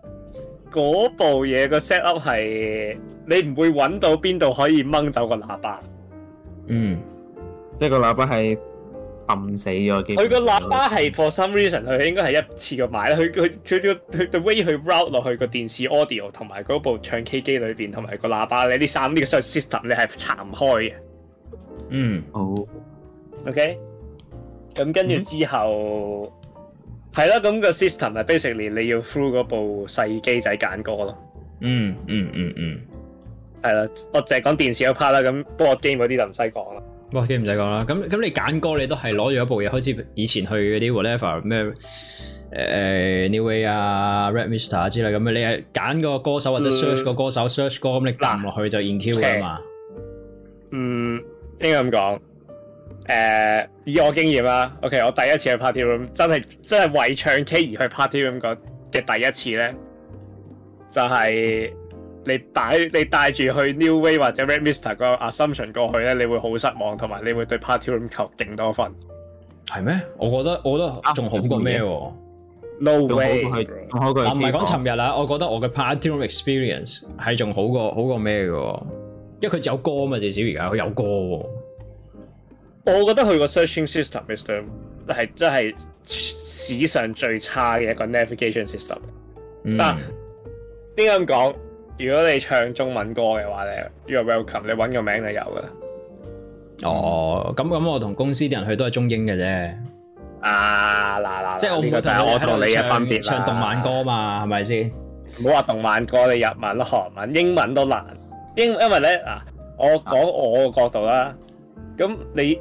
嗰部嘢個 set up 係你唔會揾到邊度可以掹走個喇叭，嗯，即係個喇叭係暗死咗嘅。佢個喇叭係 for some reason 佢應該係一次過買啦。佢佢佢佢 the way 佢 route 落去個電視 audio 同埋嗰部唱 K 機裏邊同埋個喇叭咧，呢三呢個 system 你係拆唔開嘅。嗯，好，OK，咁跟住之後。嗯係啦，咁、那個 system 係 basically 你要 through 嗰部細機仔揀歌咯，嗯。嗯嗯嗯嗯，係、嗯、啦，我淨係講電視嗰 part 啦。咁 board game 嗰啲就唔使講啦。board game 唔使講啦。咁咁你揀歌你都係攞住一部嘢，好似以前去嗰啲 whatever 咩誒 neway w 啊 Red Mister 啊之類咁啊，你係揀個歌手或者 search 個歌手、嗯、search 歌咁你撳落去就 in queue 啊 cue 了 okay. 嘛。嗯，應該咁講。誒、uh, 以我經驗啦，OK，我第一次去 party room 真係真係為唱 K 而去 party room 嘅第一次咧，就係、是、你帶你帶住去 New Way 或者 Red Mister 個 assumption 過去咧，你會好失望，同埋你會對 party room 求勁多分。係咩 No way.？我覺得我覺得仲好過咩？No way！我唔係講尋日啊，我覺得我嘅 party room experience 係仲好過好過咩嘅，因為佢有歌嘛，至少而家佢有歌。我覺得佢個 searching system 係真係史上最差嘅一個 navigation system。嗱、嗯，點解咁講？如果你唱中文歌嘅話咧，you're welcome，你揾個名就有噶啦。哦，咁咁我同公司啲人去都係中英嘅啫、啊。啊嗱嗱，即係我就係我同和 你嘅和 分別唱，唱動漫歌嘛係咪先？唔好話動漫歌，你日文、韓文、英文都難。英因為咧嗱、啊，我講我個角度啦，咁、啊、你。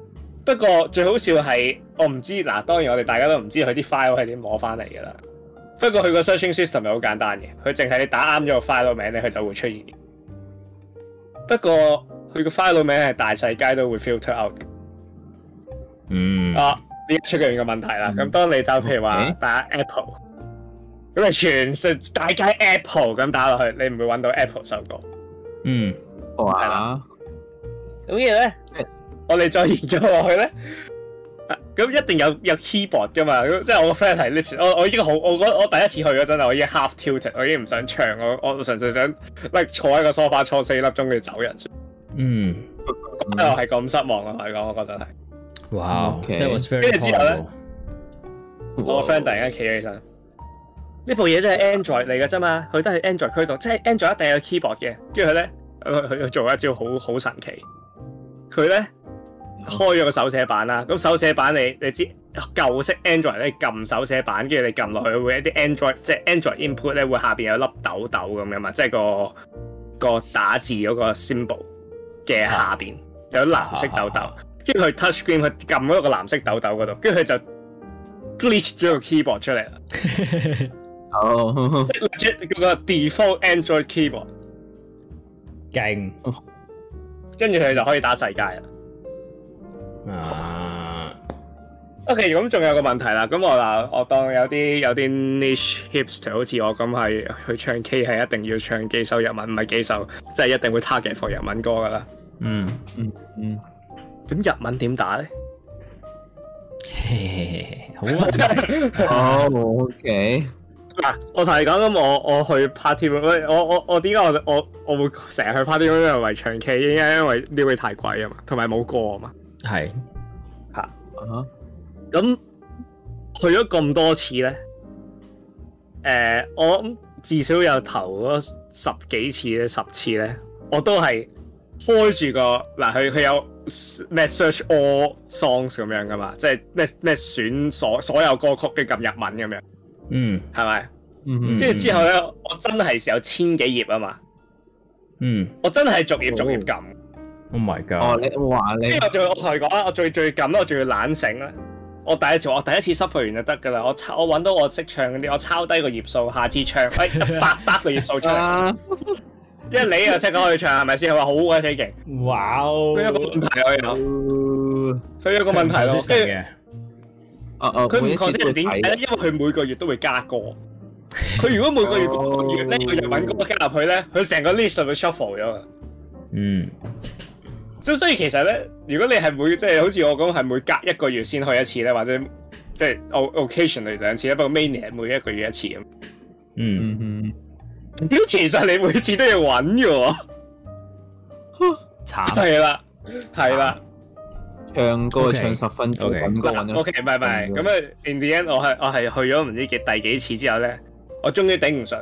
不過最好笑係，我唔知嗱，當然我哋大家都唔知佢啲 file 係點摸翻嚟噶啦。不過佢個 searching system 係好簡單嘅，佢淨係你打啱咗個 file 名咧，佢就會出現。不過佢個 file 名係大細階都會 filter out。嗯。哦、啊，呢一出嘅嘢嘅問題啦。咁、嗯、當你就譬如話打 Apple，咁你、欸、全世界 Apple 咁打落去，你唔會搵到 Apple 首歌。嗯。係啦了。咁嘢咧？我哋再研究落去咧，咁一定有有 keyboard 噶嘛。即係我個 friend 係我我已經好，我我第一次去嗰陣啊，我已經 half tilted，我已經唔想唱，我我純粹想，不如坐喺個梳化坐四粒鐘要走人嗯。嗯，咁又係咁失望啊！我講，我覺得係，哇，跟住之後咧，cool. 我個 friend 突然間企起身，呢 Wow. 部嘢真係 Android 嚟噶啫嘛，佢都係 Android 驅動，即係 Android 一定有 keyboard 嘅。跟住佢咧，佢佢做一招好好神奇，佢咧。開咗個手寫板啦，咁手寫板你你知舊式 Android 咧撳手寫板，跟住你撳落去會有一啲 Android 即係 Android input 咧會下邊有粒豆豆咁樣嘛，即係個個打字嗰個 symbol 嘅下邊、啊、有藍色豆豆，跟住佢、啊啊啊、touchscreen 佢撳咗個藍色豆豆嗰度，跟住佢就 glitch 咗個 keyboard 出嚟啦。哦， 即係個 default Android keyboard 勁害，跟住佢就可以打世界啦。啊、uh、OK，咁仲有個問題啦。咁我嗱，我當有啲有啲 Niche Hipster，好似我咁係去唱 K，係一定要唱幾首日文，唔係幾首，即、就、係、是、一定會 target FOR 日文歌噶啦、嗯。嗯嗯嗯，咁日文點打咧？好啊，OK 嗱，我同你講咁，我我去 party，我我我點解我我我會成日去 party 因係為唱 K？因為因為啲位太貴啊嘛，同埋冇歌啊嘛。係吓，咁去咗咁多次咧，誒、呃，我至少有頭嗰十幾次咧，十次咧，我都係開住個嗱，佢、啊、佢有咩 search all songs 咁樣噶嘛，即係咩咩選所所有歌曲嘅撳日文咁樣，嗯，係咪吧？跟住、嗯、哼之後咧，嗯、哼我真係有千幾頁啊嘛，嗯，我真係逐頁逐頁撳。Oh my god！你話、哦、你，你跟住我同你講啦，我最最近咧，我仲要懶醒啦。我第一次我第一次 shuffle 完就得噶啦。我我搵到我識唱嗰啲，我抄低個頁數，下次唱，哎，一百百個頁數出嚟。一 你又識可以唱係咪先？我話好鬼死勁！哇哦！佢有一個問題咯，佢、哦、有一個問題咯，即係它、哦，哦哦，佢唔確定點？因為佢每個月都會加歌。佢如果每個月、哦、每個月咧，我又搵嗰個加入去咧，佢成個 list 就會 shuffle 咗。嗯。咁所以其實咧，如果你係每即係好似我講，係每隔一個月先開一次咧，或者即係 occasionally 兩次咧。不過 mainly 係每一個月一次嘅，嗯。嗯哼。咁其實你每次都要揾嘅喎。 慘。係啦，係啦。唱歌唱十分揾工 OK，拜 okay .拜。咁啊，in the end，我係我係去咗唔知幾第幾次之後咧，我終於頂唔順。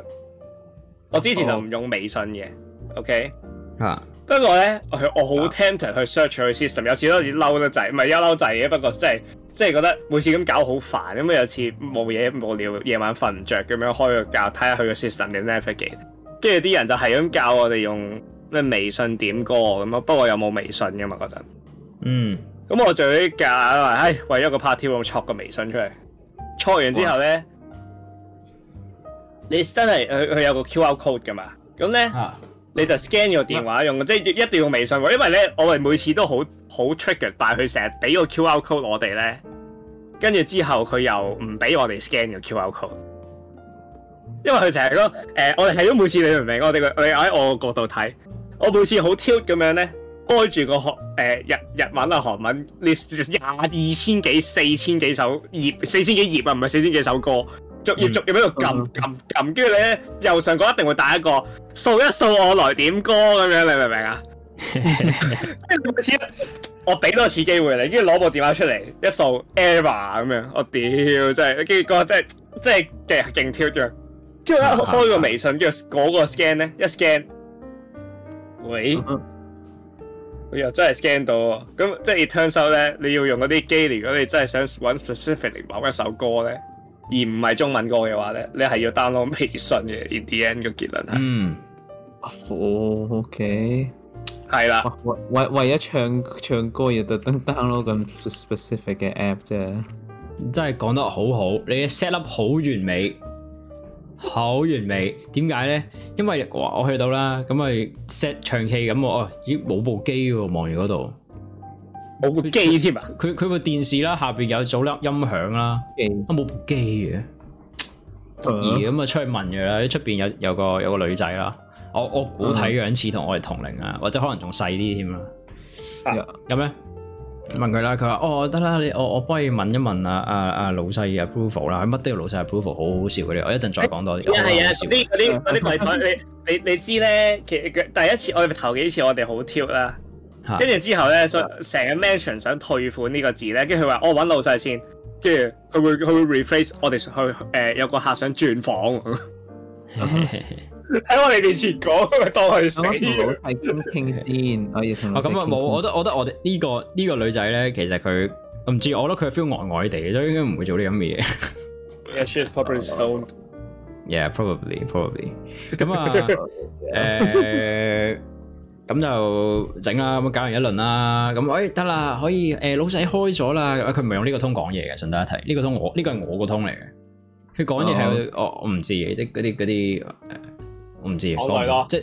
我之前就唔用微信嘅。Oh. OK。嚇～不過咧，我好 tempted 去 search 佢個 system，有次都係嬲得滯，唔係一嬲滯嘅。不過即係即係覺得每次咁搞好煩，咁啊有次冇嘢無聊，夜晚瞓唔着，咁樣開個教睇下佢個 system 點 navigate，跟住啲人就係咁教我哋用咩微信點歌咁咯。不過有冇微信㗎嘛嗰陣？嗯，我最，咁我就搞，教為咗個 party，用戳個微信出嚟，戳完之後咧，哇你真係佢，佢有個 QR code 㗎嘛？咁咧。啊你就 scan 個電話用，即係一定要用微信喎，因為咧我哋每次都好好 trigger，但係佢成日俾個 QR code 我哋咧，跟住之後佢又唔俾我哋 scan 個 QR code，因為佢成日嗰誒，我哋係咗每次你明唔明？我哋我喺我角度睇，我每次好 tilt 咁樣咧，開住個誒、呃、日日文啊韓文你廿二千幾四千幾首頁四千幾頁啊，唔係四千幾首歌。逐頁逐頁喺度撳撳撳，跟住你咧右上角一定會帶一個掃一掃我來點歌咁樣，你明唔明啊？ 我俾多一次機會你，跟住攞部電話出嚟一掃 error 咁樣，我屌真係，跟住嗰個真係真係嘅勁跳腳，跟住一開個微信，跟住嗰個 scan 咧一 scan，喂，我又真係 scan 到，咁即係 turns out 咧,你要用嗰啲機，如果你真係想揾 specifically 某一首歌咧。而唔係中文歌嘅話咧，你係要 download 微信嘅。In the end 嘅結論係，嗯、mm. oh, okay. 的，哦，OK，係啦，為為為咗唱唱歌的而特登 download 咁 specific 嘅 app 啫。真係講得好好，你嘅 set up 好完美，好完美。點解咧？因為我我去到啦，咁咪 set 唱 K 咁，哦，咦冇部機喎，望住嗰度。冇個機添啊！佢佢部電視啦，下邊有組粒音響啦，都冇、嗯、部機嘅。同意、嗯。咁啊，出去問佢啦，喺出邊有有個有個女仔啦。我我估睇樣似同我哋同齡啊，嗯、或者可能仲細啲添啊。咁咧，問佢啦，佢話：哦得啦，你我我幫你問一問啊啊啊老細 approval 啦，乜都要老細 approval，好好笑嗰啲。我一陣再講多啲。係啊呢啊，嗰啲嗰啲嗰啲唔係佢，你你知咧，其實第一次我哋頭幾次我哋好 told 啦。跟住之後咧，想成個 mention 想退款呢個字咧，跟住佢話：我揾老細先。跟住佢會佢會 replace 我哋去誒有個客想轉房，喺我哋面前講，當佢死。係傾傾先，我要同。咁啊冇，我覺得我覺得我哋呢個呢個女仔咧，其實佢我唔知，我覺得佢 feel 呆呆地，所以應該唔會做呢咁嘅嘢。Yeah, she is properly stoned. Yeah, probably, probably。咁啊，誒。咁就整啦，咁搞完一輪啦，咁、嗯、哎得啦，可以，誒、呃、老細開咗啦，佢唔係用呢個通講嘢嘅，順帶一提，呢個通 oh. 我，呢個係我個通嚟嘅，佢講嘢係我我唔知，啲嗰啲嗰啲我唔知，好耐咯，即係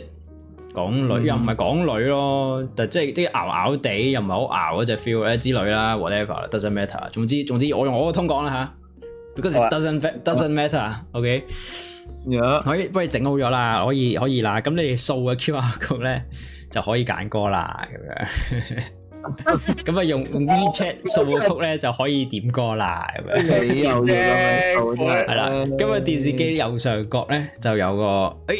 港女又唔係港女咯，但係即係啲拗拗地又唔係好拗嗰隻 feel 誒之類啦，whatever，doesn't matter，總之總之我用我個通講啦吓，嗰時 doesn't doesn't matter，ok，可以幫你整好咗啦，可以可以啦，咁你數嘅 QR Code 咧？就可以揀歌啦，咁樣咁啊用 WeChat 掃個曲咧 就可以點歌啦，咁樣。你又要係啦，咁啊 電視機右上角咧就有個誒、哎，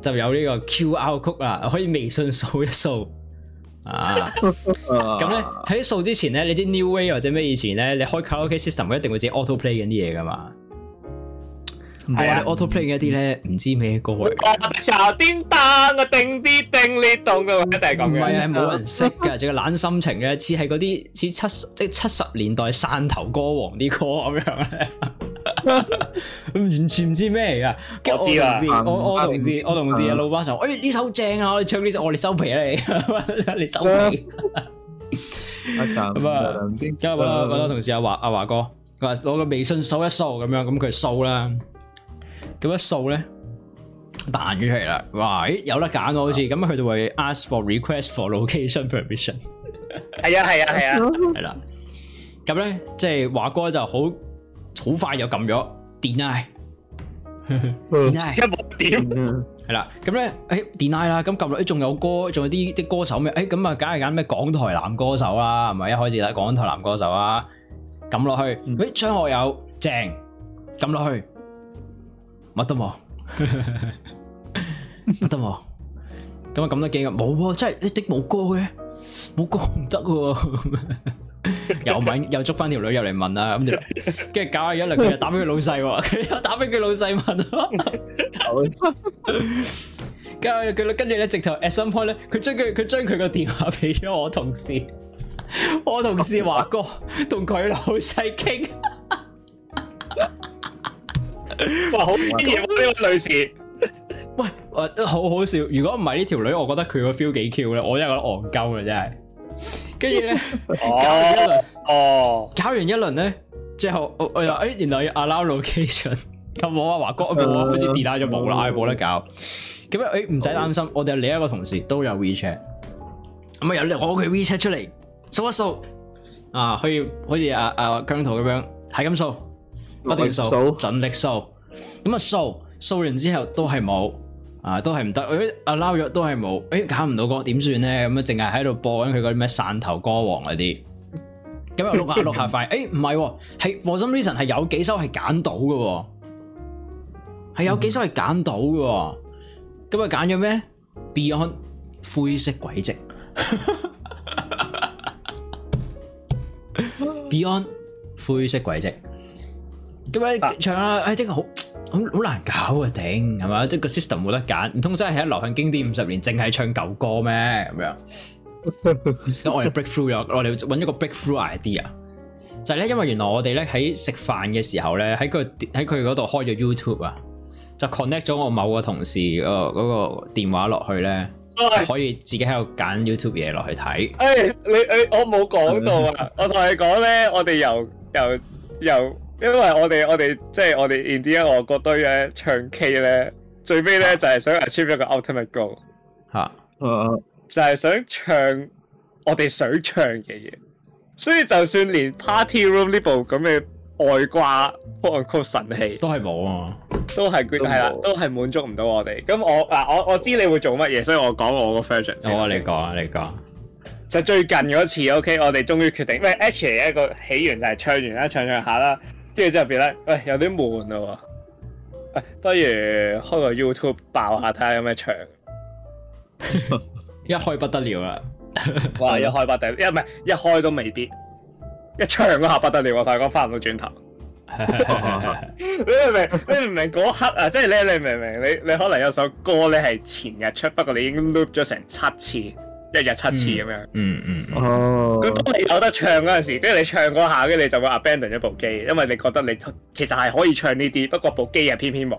就有呢個 QR 曲啦，可以微信掃一掃啊。咁咧喺掃之前咧，你啲 New Way 或者咩以前咧，你開卡拉 OK System 一定會自己 Auto Play 緊啲嘢噶嘛。係啊，auto play 嘅一啲咧，唔知咩歌嚟。我下叮噹，我叮啲叮，你懂嘅，一定係咁嘅。唔係啊，冇人識嘅，仲要懶心情嘅，似係嗰啲似七即係七十年代汕頭歌王啲歌咁樣咧。唔完全唔知咩嚟嘅。我知啦，我我同事，我同事老巴常，哎呢首正啊，我哋唱呢首，我哋收皮啊你，你收皮。咁啊，咁啊，我同事阿華阿華哥，佢話攞個微信掃一掃咁樣，咁佢掃啦。咁一掃咧彈咗出嚟啦！哇，誒有得揀嘅好似，咁啊佢就會 ask for request for location permission。係啊係啊係啊係啦。咁咧即係華哥就好好快就撳咗電嗌，電嗌，點啊？係啦，咁咧誒電嗌啦，咁撳落咧仲有歌，仲有啲啲歌手咩？誒咁啊，梗係揀咩港台男歌手啦，係咪？一開始啦，港台男歌手啊，撳落去，誒張學友正，撳落去。乜都冇，乜都冇，咁啊咁多嘅冇喎，真係一滴冇過嘅，冇過唔得喎。又問又捉翻條女入嚟問啦，咁就跟住搞下嘢，佢又打俾佢老細，佢又打俾佢老細問咯。跟住佢咧，跟住咧，直頭 at some point 咧，佢將佢佢將佢個電話俾咗我同事，我同事華哥同佢老細傾。 哇，好癲呢個女士！ 喂，我都好好笑。如果唔係呢條女，我覺得佢個 feel 幾 Q 咧。我真係覺得戇鳩啦，真係。跟住咧，oh. 搞完一輪，哦，oh. 搞完一輪咧，最後我我話誒，原來要 allow location 咁我阿華哥唔同，oh. 好似跌低咗冇啦，冇得、oh. 搞。咁誒唔使擔心，Okay. 我哋另一個同事都有 WeChat，咁啊、嗯、有我嘅 WeChat 出嚟，數一數啊，可以好似阿阿姜濤咁樣睇咁數。不斷掃，盡力掃，咁啊掃掃完之後都係冇，啊都係唔得，誒啊撈藥都係冇，誒揀唔到歌點算咧？咁啊，淨係喺度播緊佢嗰啲咩汕頭歌王嗰啲，咁又碌下碌下快，誒唔係喎，係 for some reason 係有幾首係揀到嘅，係有幾首係揀到嘅，今日揀咗咩？Beyond 灰色軌跡，Beyond 灰色軌跡。咁樣唱啦，哎，真係好，好好難搞啊！頂係嘛，即個 system 冇得揀，唔通真係喺流行經典五十年，淨係唱舊歌咩？咁樣咁我哋 break through 咗，我哋搵咗個 break through idea 就係咧，因為原來我哋咧喺食飯嘅時候咧，喺佢喺佢嗰度開咗 YouTube 啊，就 connect 咗我某個同事個嗰個電話落去咧，可以自己喺度揀 YouTube 嘢落去睇。哎，你你我冇講到啊！我同你講咧，我哋由由由。因為我哋我哋即係我哋 India 外國堆咧唱 K 咧最尾咧哈就係想 Achieve 一個 Ultimate Goal 吓，呃、就係想唱我哋想唱嘅嘢，所以就算連 Party Room 呢部咁嘅外掛 Function 神器都係冇啊，都係係啦，都係滿足唔到我哋。咁我嗱我我，我知你會做乜嘢，所以我講我個 version 先。好啊、哦，你講啊，你講。就最近嗰次 OK，我哋終於決定，唔係 Actually 一個起源就係唱完啦，唱唱下啦。跟住入邊咧，喂，有啲悶咯、哦，喂、哎，不如開個 YouTube 爆下睇下有咩唱。 一開不得了啦，哇， 一開不得一唔係一開都未必，一唱一下不得了，大哥翻唔到轉頭，你明唔明，你唔明嗰刻啊， 即係咧，你明唔明？你你可能有首歌咧係前日出，不過你已經 loop 咗成七次。一日七次咁樣，嗯嗯、嗯哦。咁當你有得唱嗰陣時，跟住你唱嗰下，跟住你就會 abandon 咗部機，因為你覺得你其實係可以唱呢啲，不過部機係偏偏冇。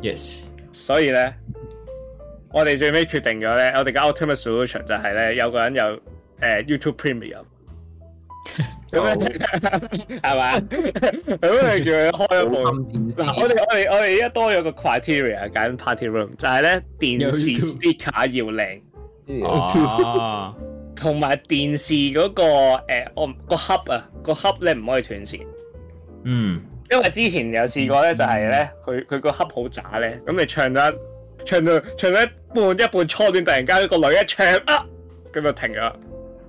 Yes，所以咧，我哋最尾決定咗咧，我哋嘅 ultimate solution 就係咧，有個人有、呃、YouTube Premium。咁樣係咪？咁你叫佢開一部電視，我哋我哋我哋而家多咗個 criteria 揀 party room，就係咧電視 speaker 要靚，同埋、哦、電視嗰、嗰個誒，我、呃、個盒啊，個盒咧唔可以斷線。嗯，因為之前有試過咧，就係咧，佢佢個盒好渣咧，咁你唱到唱到唱到一半一半初段，突然間個女一唱啊，咁就停咗。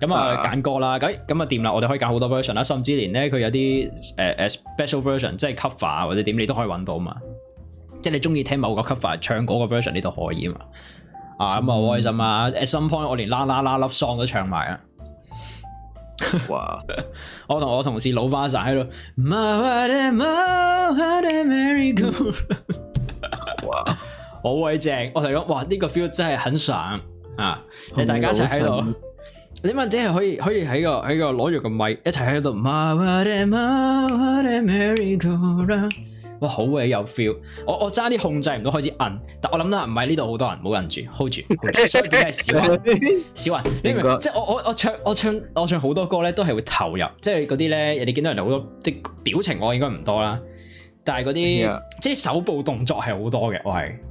咁、嗯、啊，揀歌啦，咁咁啊，掂啦，我哋可以揀好多 version 啦，甚至連咧佢有啲誒、呃、special version，即係 cover 或者點，你都可以揾到嘛。即係你中意聽某個 cover 唱嗰個 version，你都可以嘛。啊，咁啊，開心啊、嗯、！At some point，我連啦啦啦 love song 都唱埋啊。哇！ 我同我同事老花仔咯哇。 哇！好鬼正，我同你講哇，呢個 feel 真係很爽啊！大家一齊喺度。你或者係可以可以喺個喺個攞住個咪一齊喺度。 哇，好嘅有 feel，我我差啲控制唔到開始摁，但我諗到啊，唔係呢度好多人，冇好摁住，hold 住，住，所以係少人，少 人。你明白即係我我我唱我唱我唱好多歌咧，都係會投入，即係嗰啲咧，人哋見到人哋好多即表情，我應該唔多啦，但係嗰啲即係手部動作係好多嘅，我係。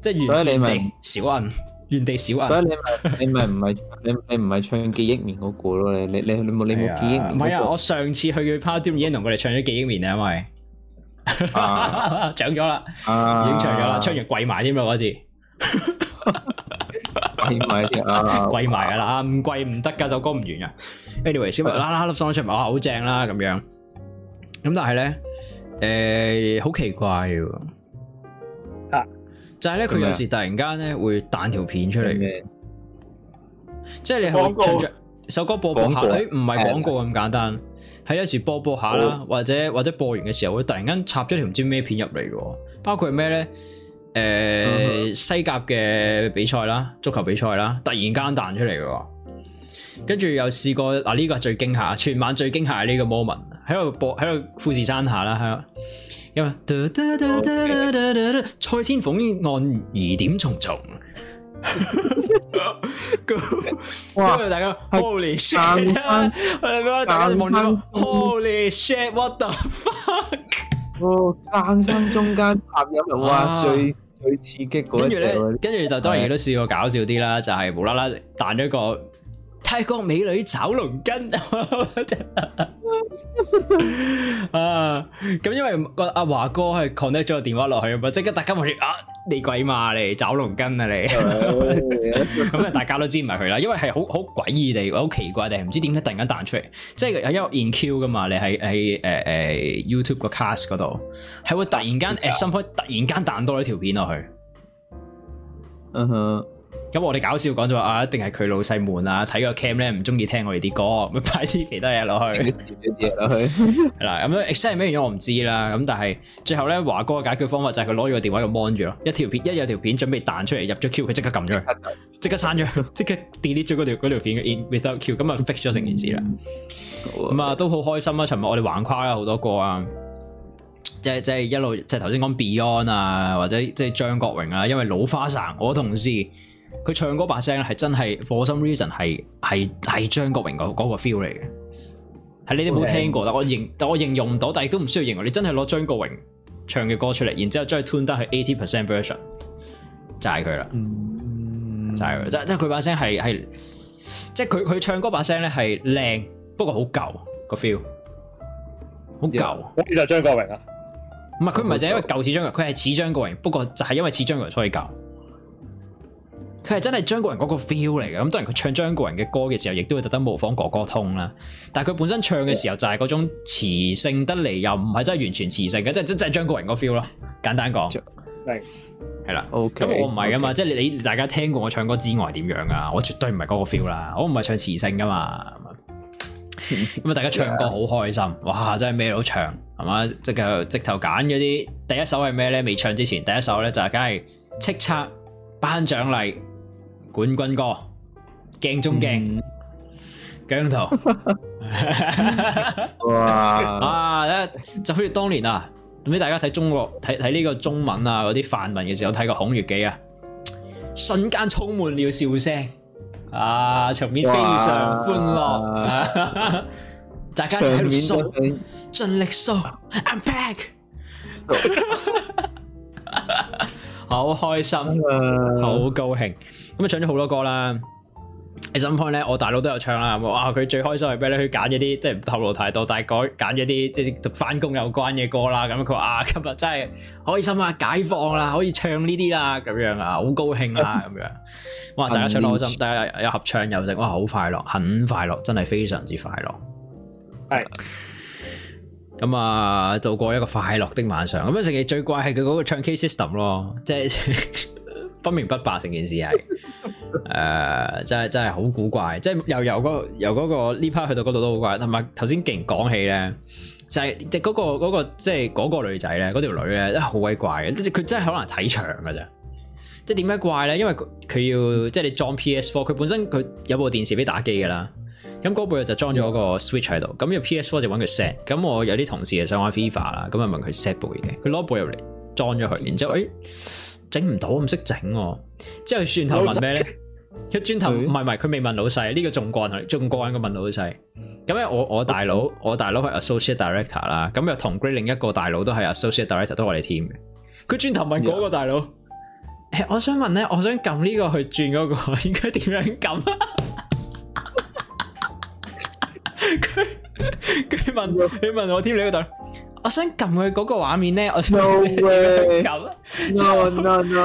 所以你咪小恩，原地小恩。所以你咪你咪唔係你你唔係唱記憶面嗰個咯？你你你冇你冇記憶面嗰個。唔係啊！我上次去佢 party，已經同佢哋唱咗記憶面啊，因為長咗啦，影長咗啦，唱完跪埋添啊！嗰次跪埋添啊，跪埋㗎喇，唔跪唔得噶，首歌唔完啊。anyway，小明啦啦粒笠出埋，哇，好正啦咁樣。咁但係咧，誒，好奇怪嘅。就係咧，佢有時突然間咧會彈條片出嚟嘅，是的即係你係唱哥首歌播播下，唔係廣告咁簡單，喺的有時播一播一下啦，我或者或者播完嘅時候會突然間插咗條唔知咩片入嚟嘅，包括咩咧？誒、呃，嗯、哼西甲嘅比賽啦，足球比賽啦，突然間彈出嚟嘅，跟住又試過，嗱、啊、呢、這個係最驚嚇，全晚最驚嚇係呢個 moment，喺度播喺度富士山下啦，係啦。因為蔡天鳳案疑點重重，哇！大家 Holy shit！我哋俾我突然望咗，Holy shit！What the fuck？哦，硬生中間插入，哇！最最刺激嗰，跟住咧，跟住就當然亦都試過搞笑啲啦，就係無啦啦彈咗個。泰國美女炒龍筋啊！咁因為個阿華哥係 contact 咗個電話落去，咁即刻大家望住啊！你鬼嘛你炒龍筋啊你！咁啊 大家都知唔係佢啦，因為係好好詭異地，好奇怪地，唔知點解突然間彈出嚟，即係係因為 in Q 噶嘛，你喺喺誒誒 YouTube 個 cast 嗰度，係會突然間誒 someone 突然間彈多咗條片落去。嗯哼、uh。Huh. 咁我哋搞笑講咗話啊，一定係佢老細悶啊！睇個 cam 咧唔中意聽我哋啲歌，咪擺啲其他嘢落去。嗱咁樣 exactly 係咩原因我唔知啦。咁但係最後咧，華哥嘅解決方法就係佢攞住個電話個 mon 住咯。一條片一有條片準備彈出嚟入咗 Q，佢即刻撳咗即刻刪咗，即刻 delete 咗嗰條片嘅 in without Q，咁啊 fix 咗成件事啦。咁 啊都好開心啊！尋日我哋橫跨咗好多個啊，即係即係一路即係頭先講 Beyond 啊，或者即係張國榮啊，因為老花神我同事。佢唱歌把聲咧係真係 for some reason 係係係張國榮個嗰 feel 嚟嘅，係棒你哋冇聽過，但我認，但我形容唔到，但係都唔需要形容，你真係攞張國榮唱嘅歌出嚟，然之後將佢 tune down 去80% version，就係佢啦，嗯、就係佢，即係佢把聲係係，即係佢佢唱歌把聲咧係靚，不過好舊個 feel，好舊，好似就張國榮啊，唔係佢唔係就因為舊似張國榮，佢係似張國榮，不過就係因為似張國榮所以舊。佢係真係張國榮嗰個 feel 嚟嘅，咁當然佢唱張國榮嘅歌嘅時候，亦都會特登模仿哥哥 tone 啦。但係佢本身唱嘅時候就係嗰種磁性得嚟，又唔係真係完全磁性嘅，即係真真係張國榮個 feel 咯。簡單講，係係啦。咁的 Okay, 我唔係噶嘛，okay. 即係你，你大家聽過我唱歌之外點樣啊？我絕對唔係嗰個 feel 啦，我唔係唱磁性噶嘛。咁啊，大家唱歌好開心 Yeah. 哇！真係咩都唱係嘛？即係直頭揀嗰啲第一首係咩咧？未唱之前第一首咧就係梗係叱咤頒獎禮。班長冠軍歌，鏡中鏡，姜濤哇 啊！就好似當年啊，咁俾大家睇中國睇睇呢個中文啊嗰啲範文嘅時候睇過《孔乙己》啊，瞬間充滿了笑聲啊！場面非常歡樂，哇啊、 大家盡力 s 盡力 show，I'm back，好開心、嗯、好高興。咁啊唱咗好多歌啦，你心 phone 咧，我大佬都有唱啦。哇，佢最開心係俾你去揀一啲即係唔透露太多，但係改揀咗啲即係返工有關嘅歌啦。咁佢話啊今日真係開心啊，解放啦、啊，可以唱呢啲啦，咁樣啊，好高興啦、啊，咁樣。哇，大家唱得好心，大家有合唱又剩，哇，好快樂，很快樂，真係非常之快樂。係是。咁啊、嗯，度過一個快樂的晚上。咁啊，成日最怪係佢嗰個唱 K system 咯，即係。 分明不白，成件事係，誒、呃，真係真係好古怪，即係又由嗰由、嗰個呢 part 去到嗰度都好怪，同埋頭先竟然講起咧，就係即係嗰個、嗰個即係、就是、個女仔咧，嗰、嗰、條、個、女咧真係好鬼怪嘅，即佢真係可能睇場噶咋，即係點解怪咧？因為佢要即係你裝 P S four，佢本身佢有部電視俾打機噶啦，咁嗰部就裝咗個 Switch 喺度，咁用 P S four 就搵佢 set，咁我有啲同事就想玩 FIFA 啦，咁啊問佢 set 部嘅，佢攞部入嚟裝咗佢，然之後誒。哎整唔到，唔識整。之後轉頭問咩咧？佢轉闆頭唔係唔係，佢未、嗯、問老細。呢、這個仲過仲過人嘅問老細。咁咧，我我大佬，嗯、我大佬係 associate director 啦。咁又同 grade 另一個大佬都係 associate director，都我哋 team 嘅。佢轉頭問嗰個大佬：誒，我想問咧，我想撳呢個去轉嗰個，應該點樣撳啊？佢佢問你問我添，你去等。我想撳佢嗰個畫面咧，我先撳啊？之後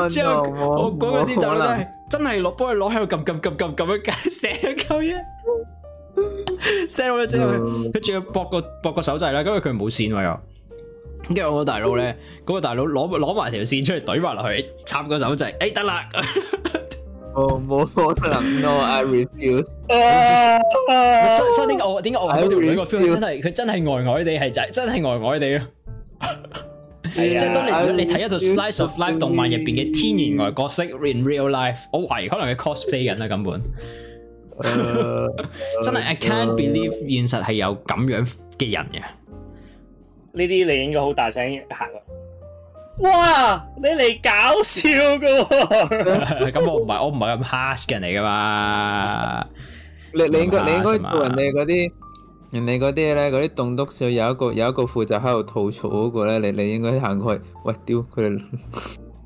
之後我嗰個鏡頭真係真係落，幫佢攞喺度撳撳撳撳撳咁樣解寫啊嚿嘢，寫咗之後佢仲要搏個搏個手掣啦，因為佢冇線啊又。跟住我嗰大佬咧，嗰個大佬攞攞埋條線出嚟懟埋落去插個手掣，哎得啦。哦冇可能，no，I refuse。所所以點解點解我喺度每個 feel 真係，佢真係呆呆地，係真真係呆呆地咯。即係當你你睇一套《Slice of Life》動漫入邊嘅天然外角色 in real life，我懷疑可能係 cosplay 緊啦，根本。真係 I can't believe 現實係有咁樣嘅人嘅。呢啲你應該好大聲喊。哇！你嚟搞笑噶？咁我唔係我唔係咁 harsh 嘅人嚟噶嘛？你你應該你應該做人哋嗰啲人哋嗰啲咧，嗰啲棟篤笑有一個有一個負責喺度吐槽嗰個咧，你你應該行過去。喂，屌佢！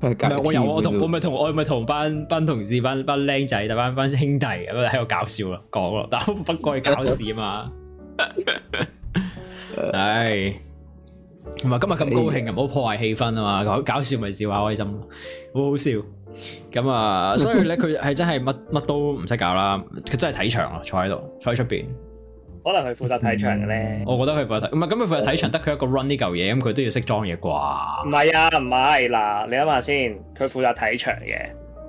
唔係我有我同我咪同我咪同班班同事班班僆仔，大班班兄弟咁喺度搞笑啦，講啦，但不過係搞笑嘛。唉。唔係今日咁高興啊！唔好破壞氣氛啊嘛，搞笑咪笑下開心，好好笑。咁啊，所以咧佢係真係乜乜都唔識搞啦，佢真係睇場啊，坐喺度坐喺出邊。可能佢負責睇場嘅咧，我覺得佢負責睇唔係咁佢負責睇場，得佢一個 run 呢嚿嘢，咁佢、哦、都要識裝嘢啩？唔係啊，唔係嗱，你諗下先，佢負責睇場嘅。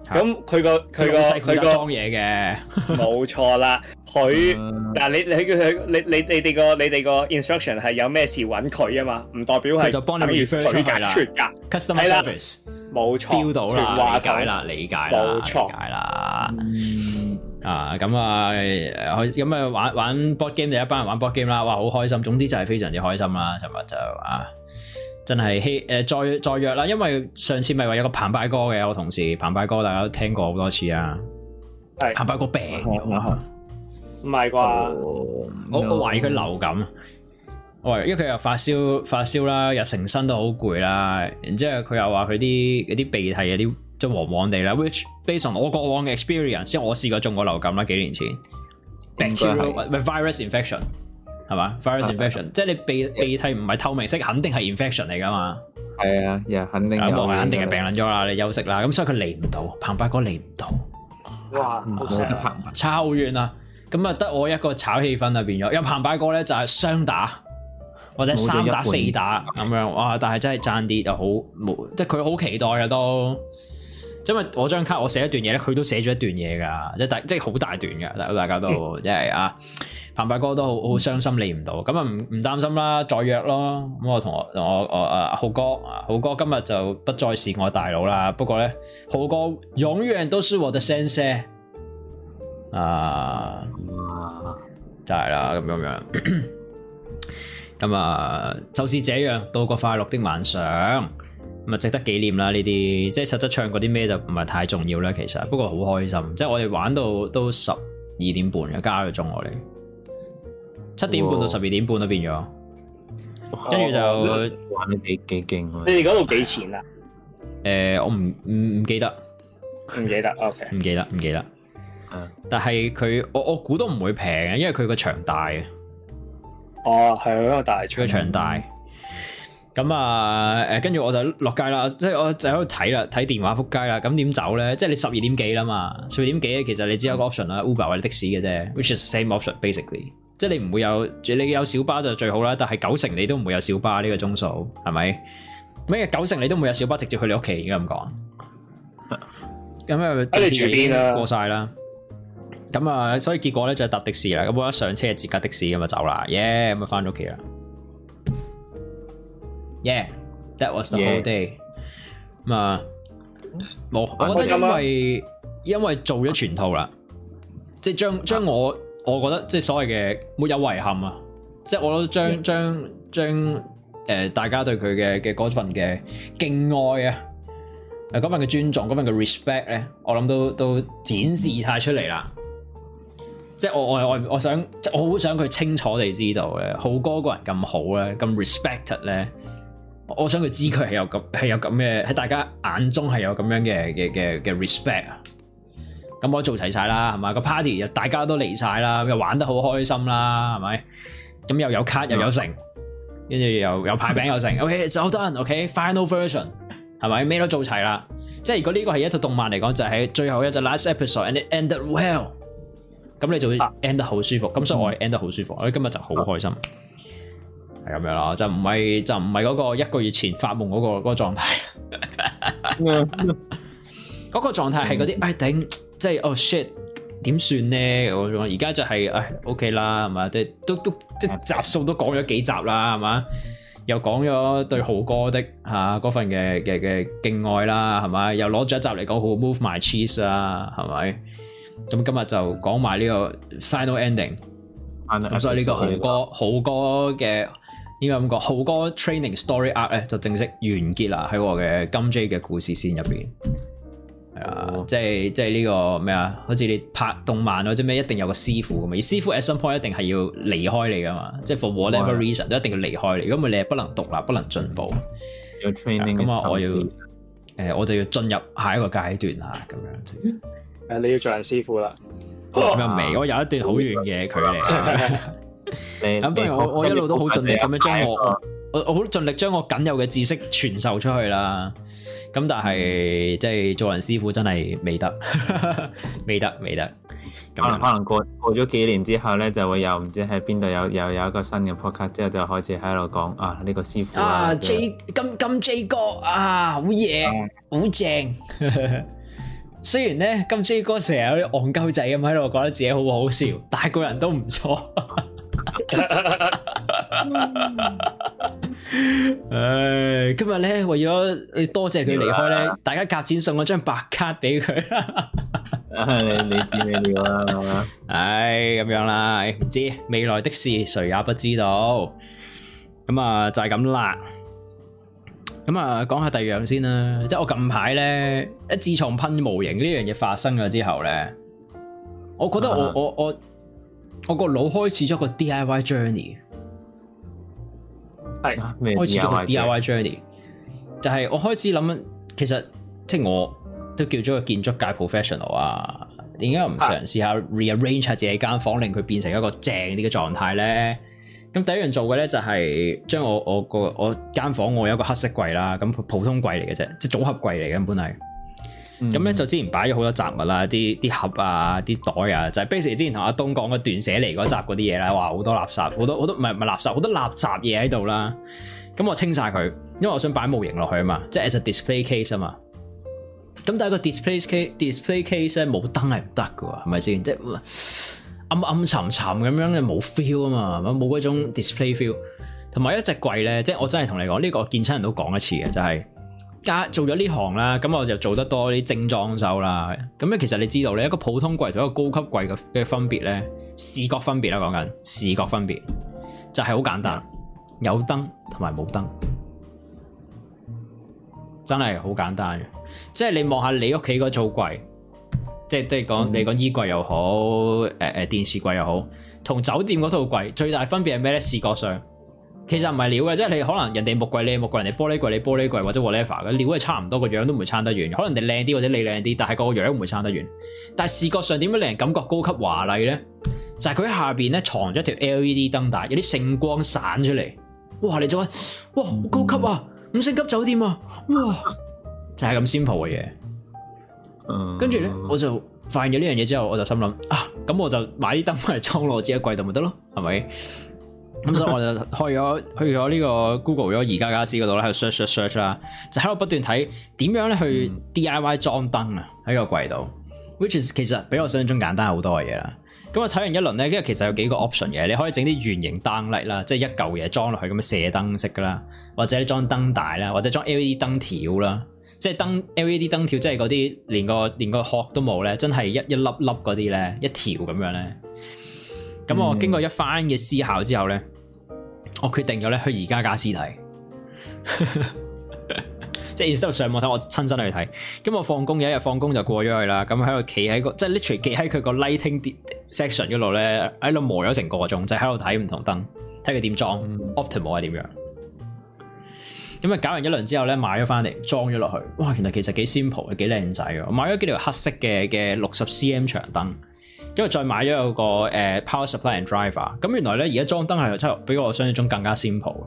咁佢、那個佢、那個佢、那個嘢嘅，冇錯飾 啦。佢嗱你你佢你你你哋個你哋個 instruction 係有咩事揾佢啊嘛，唔代表係就幫你解決噶。customer service 冇錯 feel 到啦，理解啦，錯理解冇錯，解啦，嗯啊。啊咁啊，咁啊玩玩 board game 就一班人玩 board game 啦。哇，好開心，總之就係非常之開心啦。尋日就啊～真係希誒再再約啦，因為上次咪話有個澎湃哥嘅我同事，澎湃哥大家都聽過好多次啊，係澎湃哥病唔係啩？我我懷疑佢流感。喂，因為佢又發燒發燒啦，又成身都好攰啦。然之後佢又話佢啲啲鼻涕有啲即係黃黃地啦。Which based on 我過往嘅 experience，即係我試過中過流感啦，幾年前病咗係 virus infection？係嘛？virus infection，即係你鼻鼻涕唔係透明色，肯定係 infection 嚟噶嘛？係啊，肯定感肯定係病撚咗啦，你休息啦，咁所以佢嚟唔到，彭柏哥嚟唔到。哇！好犀利，超遠啊。咁啊，得我一個炒氣氛啊，變咗。又彭柏哥咧就係雙打或者三打四打咁樣，哇！但係真係爭啲就好冇，即係佢好期待啊都。因為我張卡我寫一段嘢咧，佢都寫咗一段嘢㗎，即係大即係好大段㗎，大大家都即係啊。彭發哥都好好傷心嚟唔到，咁啊唔唔擔心啦，再約咯。咁我同我跟我我阿浩哥啊，浩哥，浩哥今日就不再是我大佬啦。不過咧，浩哥永遠都是我的先生啊，就係、是、啦，咁樣樣。咁啊，就是這樣度過快樂的晚上，咁啊值得紀念啦呢啲。即係實質唱嗰啲咩就唔係太重要啦，其實。不過好開心，即係我哋玩到都十二點半嘅，加咗鐘我哋。七點半到十二點半都變咗，跟住、oh. 就、oh. 玩得幾幾勁。你哋嗰度幾錢啊？誒、啊呃，我唔唔唔記得，唔記得，OK，唔記得，唔記得。但係佢我我估都唔會平嘅，因為佢個場大啊。哦，係咯，大，佢個場大。咁、oh, 啊，誒，跟住我就落街啦，即係我就喺度睇啦，睇電話撲街啦。咁點走咧？即、就、係、是、你十二點幾啦嘛，十二點幾，其實你只有一個 option 啦、mm hmm.，Uber 或者的士嘅啫，which is the same option basically。即係你唔會有，你有小巴就最好啦。但係九成你都唔會有小巴呢個鐘數，係咪？咩九成你都唔會有小巴，直接去你屋企而家咁講。咁啊，喺 你住邊啊？過晒啦。咁啊，所以結果咧就搭的士啦。咁我一上車就截架的士咁就走啦。耶，yeah，咁啊翻屋企啦。耶、yeah, that was the whole day。咁啊，冇，我覺得因為、啊、因為做咗全套啦，即係將將我。 我覺得即係所謂嘅沒有遺憾啊！即係我都將將將誒、呃、大家對佢嘅嘅嗰份嘅敬愛啊，誒嗰份嘅尊重，嗰份嘅 respect 咧，我諗都都展示晒出嚟啦！即係我我我我想即係我好想佢清楚地知道咧，浩哥個人咁好咧，咁 respected 咧，我想佢知佢係有咁係有咁嘅喺大家眼中係有咁樣嘅嘅嘅嘅 respect 啊！咁我做齊曬啦，係咪？個 party 又大家都嚟曬啦，又玩得好開心啦，係咪？咁又有 cut 又有成，跟住又有派餅又有成。Okay，it's all done。Okay，final version 係咪？咩都做齊啦。即係如果呢個係一套動漫嚟講，就係最後一集 last episode，and it ended well。咁你就會 end 得好舒服。咁所以我係 end 得好舒服。我今日就好開心，係咁樣啦。就唔係就唔係嗰個一個月前發夢嗰個嗰個狀態。嗰個狀態係嗰啲，哎頂！即係哦、oh、shit 點算咧？我而家就係、是、誒 OK 啦，係嘛？即係都都即係集數都講咗幾集啦，係嘛？又講咗對豪哥的吓，嗰、啊、份嘅嘅嘅敬愛啦，係嘛？又攞咗一集嚟講好 move my cheese 啦，係咪？咁今日就講埋呢個 final ending，咁、嗯、所以呢個豪哥豪哥嘅呢個咁個豪哥 training story arc 咧就正式完結啦，喺我嘅金 J 嘅故事線入面。啊、哦！即係即係呢個咩啊？好似你拍動漫咯，或者咩一定有個師傅咁嘛。而師傅 at some point 一定係要離開你噶嘛？即係 for whatever reason，、哦、都一定要離開你，咁咪你係不能獨立，不能進步。有 training 咁啊！我要誒 so easy.、呃，我就要進入下一個階段吓，咁樣誒，就是、你要做人師傅啦，咁又未？我有一段好遠嘅距離。咁當然，我我一路都好盡力咁樣將我、啊、我盡將我好盡力將我僅有嘅知識傳授出去啦。咁但係即係做人師傅真係未得，未得未得。可能可能過過咗幾年之後咧，就會有唔知喺邊度有又有一個新嘅 podcast，之後就開始喺度講啊呢個師傅啊 J 金金 J 哥啊好嘢，好正。雖然咧金 J 哥成日有啲戇鳩仔咁喺度，覺得自己好好笑，但係個人都唔錯。唉、 嗯哎，今日咧為咗多謝佢離開咧，大家夾錢送我張白卡俾佢。唉、 哎，你知你料啦，唉、哎，咁樣啦，哎、唔知未來的事，誰也不知道。咁啊，就係咁啦。咁啊，講下第二樣先啦。即係我近排咧，一自從噴模型呢樣嘢發生咗之後咧，我覺得我我我。啊我個腦開始咗個 D I Y journey，係開始咗個 D I Y journey，就係我開始諗，其實即係我都叫做個建築界 professional 啊，點解我唔嘗試下 rearrange 下自己間房，令佢變成一個正啲嘅狀態咧？咁第一樣做嘅咧就係將我我個我間房我有一個黑色櫃啦，咁普通櫃嚟嘅啫，即係組合櫃嚟嘅，本係。咁咧、嗯、就之前擺咗好多雜物啦，啲啲盒啊、啲袋啊、袋啊，就係 basically 之前同阿東講嘅斷捨離嗰集嗰啲嘢啦，話好多垃圾，好多好多唔係唔係垃圾，好多垃圾嘢喺度啦。咁我清晒佢，因為我想擺模型落去啊嘛，即係 as a display case 啊嘛。咁但係個 display case display case 咧冇燈係唔得噶，係咪先？即係暗暗沉沉咁樣嘅，冇 feel 啊嘛，冇嗰種 display feel。同埋一隻櫃咧，即係我真係同你講，呢個見親人都講一次嘅就係。加做咗呢行啦，咁我就做得多啲精裝修啦。咁咧，其實你知道咧，一個普通櫃同一個高級櫃嘅嘅分別咧，視覺分別啦、啊，講緊視覺分別，就係、是、好簡單，有燈同埋冇燈，真係好簡單嘅。即係你望下你屋企嗰套櫃，嗯、即係即係講你個衣櫃又好，誒、呃、誒電視櫃又好，同酒店嗰套櫃最大分別係咩咧？視覺上。其實唔係料嘅，即係你可能人哋木櫃咧，木櫃人哋玻璃櫃，你玻璃櫃或者 whatever 嘅料係差唔多，個樣都唔會差得遠。可能人哋靚啲或者你靚啲，但係個樣唔會差得遠。但係視覺上點樣令人感覺高級華麗咧？就係佢喺下邊咧藏咗一條 LED 燈帶，有啲聖光散出嚟。哇！你做，哇！好高級啊，嗯、五星級酒店啊！哇！就係、是、咁 simple 嘅嘢。跟住咧，我就發現咗呢樣嘢之後，我就心諗啊，咁我就買啲燈返嚟裝落我自己嘅櫃度咪得咯，係咪？咁 所以我就開咗去咗呢個 Google 咗宜家家私嗰度咧，喺度 search search search 啦，就喺度不斷睇點樣咧去 DIY 裝燈啊喺、嗯、個櫃度，which is 其實比我想象中簡單好多嘅嘢啦。咁我睇完一輪咧，跟住其實有幾個 option 嘅，你可以整啲圓形燈嚟啦，即係一嚿嘢裝落去咁樣射燈式噶啦，或者裝燈帶啦，或者裝 LED 燈條啦，即係燈 LED 燈條即係嗰啲連個連個殼都冇咧，真係一一粒粒嗰啲咧一條咁樣咧。咁、嗯、我經過一番嘅思考之後咧，我決定咗咧去宜家家私睇即係然之後上網睇，我親身去睇。咁我放工有一日放工就過咗去啦。咁喺度企喺個即係、就是、literally 企喺佢個 lighting section 嗰度咧，喺度磨咗成個鐘，就喺度睇唔同燈，睇佢點裝 optimal 係點樣。咁啊搞完一輪之後咧，買咗翻嚟裝咗落去。哇！原來其實幾 simple，幾靚仔。我買咗幾條黑色嘅嘅六十 cm 長燈。因為再買咗有個誒 power supply and driver，咁原來咧而家裝燈係真係比我想象中更加 simple。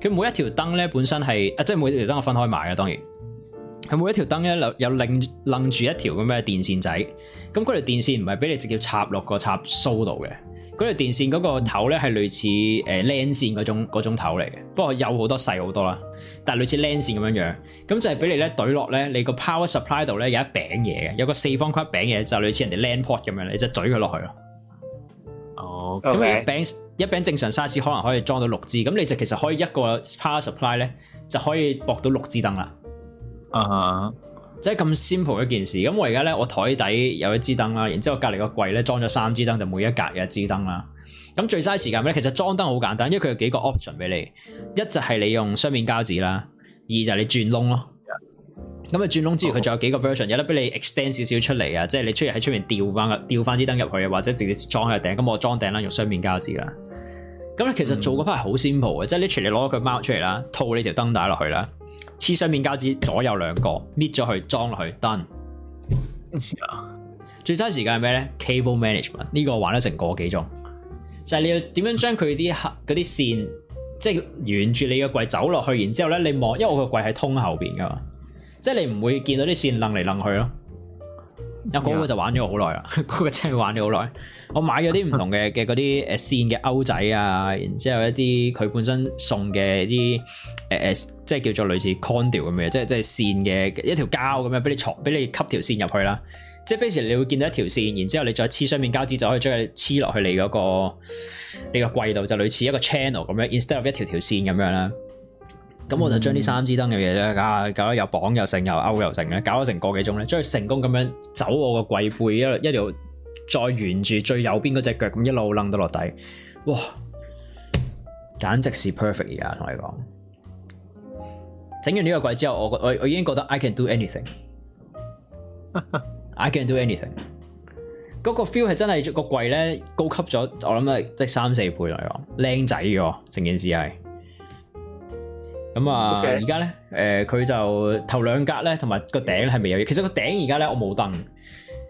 佢每一條燈咧本身係啊，即係每一條燈我分開買嘅，當然。佢每一條燈咧有拎拎住一條咁嘅電線仔，咁嗰條電線唔係俾你直接插落個插蘇度嘅。嗰條電線嗰個頭咧係類似誒 LAN 線嗰種，種頭嚟嘅，不過有好多細好多啦。但係類似 LAN 線咁樣樣，咁就係俾你咧懟落咧，你個 power supply 度咧有一餅嘢嘅，有個四方塊餅嘢就是、類似人哋 LAN port 咁樣，你就懟佢落去咯。哦，咁一餅一餅正常 size 可能可以裝到六支咁，你就其實可以一個 power supply 咧就可以駁到六支燈啦。啊、uh！Huh. 即係咁 simple 一件事，咁我而家咧，我台底有一支燈啦，然之後隔離個櫃咧裝咗三支燈，就每一格有一支燈啦。咁最嘥時間咧，其實裝燈好簡單，因為佢有幾個 option 俾你。一就係你用雙面膠紙啦，二就係你轉窿咯。咁啊轉窿之餘，佢仲有幾個 version，哦、有得俾你 extend 少少出嚟啊，即係你出嚟喺出面吊翻個吊翻支燈入去啊，或者直接裝喺頂。咁我裝頂啦，用雙面膠紙啦。咁咧其實做嗰 part 係好 simple 嘅，嗯、即係你 literally 攞個貓出嚟啦，套呢條燈帶落去啦。黐雙面膠紙，左右兩個搣咗佢裝落去，去，done。Yeah. 最嘥的時間係咩咧？Cable management 呢個玩咗成個幾鐘，就係、是、你要點樣將佢啲啲線，即、就、係、是、沿住你嘅櫃走落去，然之後咧你望，因為我個櫃係通後邊噶嘛，即、就、係、是、你唔會見到啲線楞嚟楞去咯。有、那個就玩咗好耐啦，嗰 Yeah. 個真係玩咗好耐。我買咗啲唔同嘅嘅啲誒線嘅勾仔啊，然之後一啲佢本身送嘅啲誒誒，即係叫做類似 condial 咁嘅，即係即係線嘅一條膠咁樣俾你俾你吸條線入去啦。即係平時你會見到一條線，然之後你再黐雙面膠紙就可以將佢黐落去你嗰、嗰個你個櫃度，就類似一個 channel 咁樣，instead of 一條條線咁樣啦。咁我就將啲三支燈嘅嘢咧，嗯、搞搞咗又綁又成，又勾又成咧，搞咗成個幾鐘咧，將佢成功咁樣走我個櫃背一一條。再沿住最右邊嗰隻腳咁一路掕到落底。哇！簡直是 perfect。而家同你講，整完呢個櫃之後，我我我已經覺得 I can do anything，I can do anything, can do anything。嗰、嗰個 feel 係真係個櫃咧高級咗，我諗係即係三四倍嚟講，靚仔嘅喎，成件事係。咁啊，而家咧，誒、呃，佢就頭兩格咧，同埋個頂咧係未有嘢。其實個頂而家咧，我冇凳。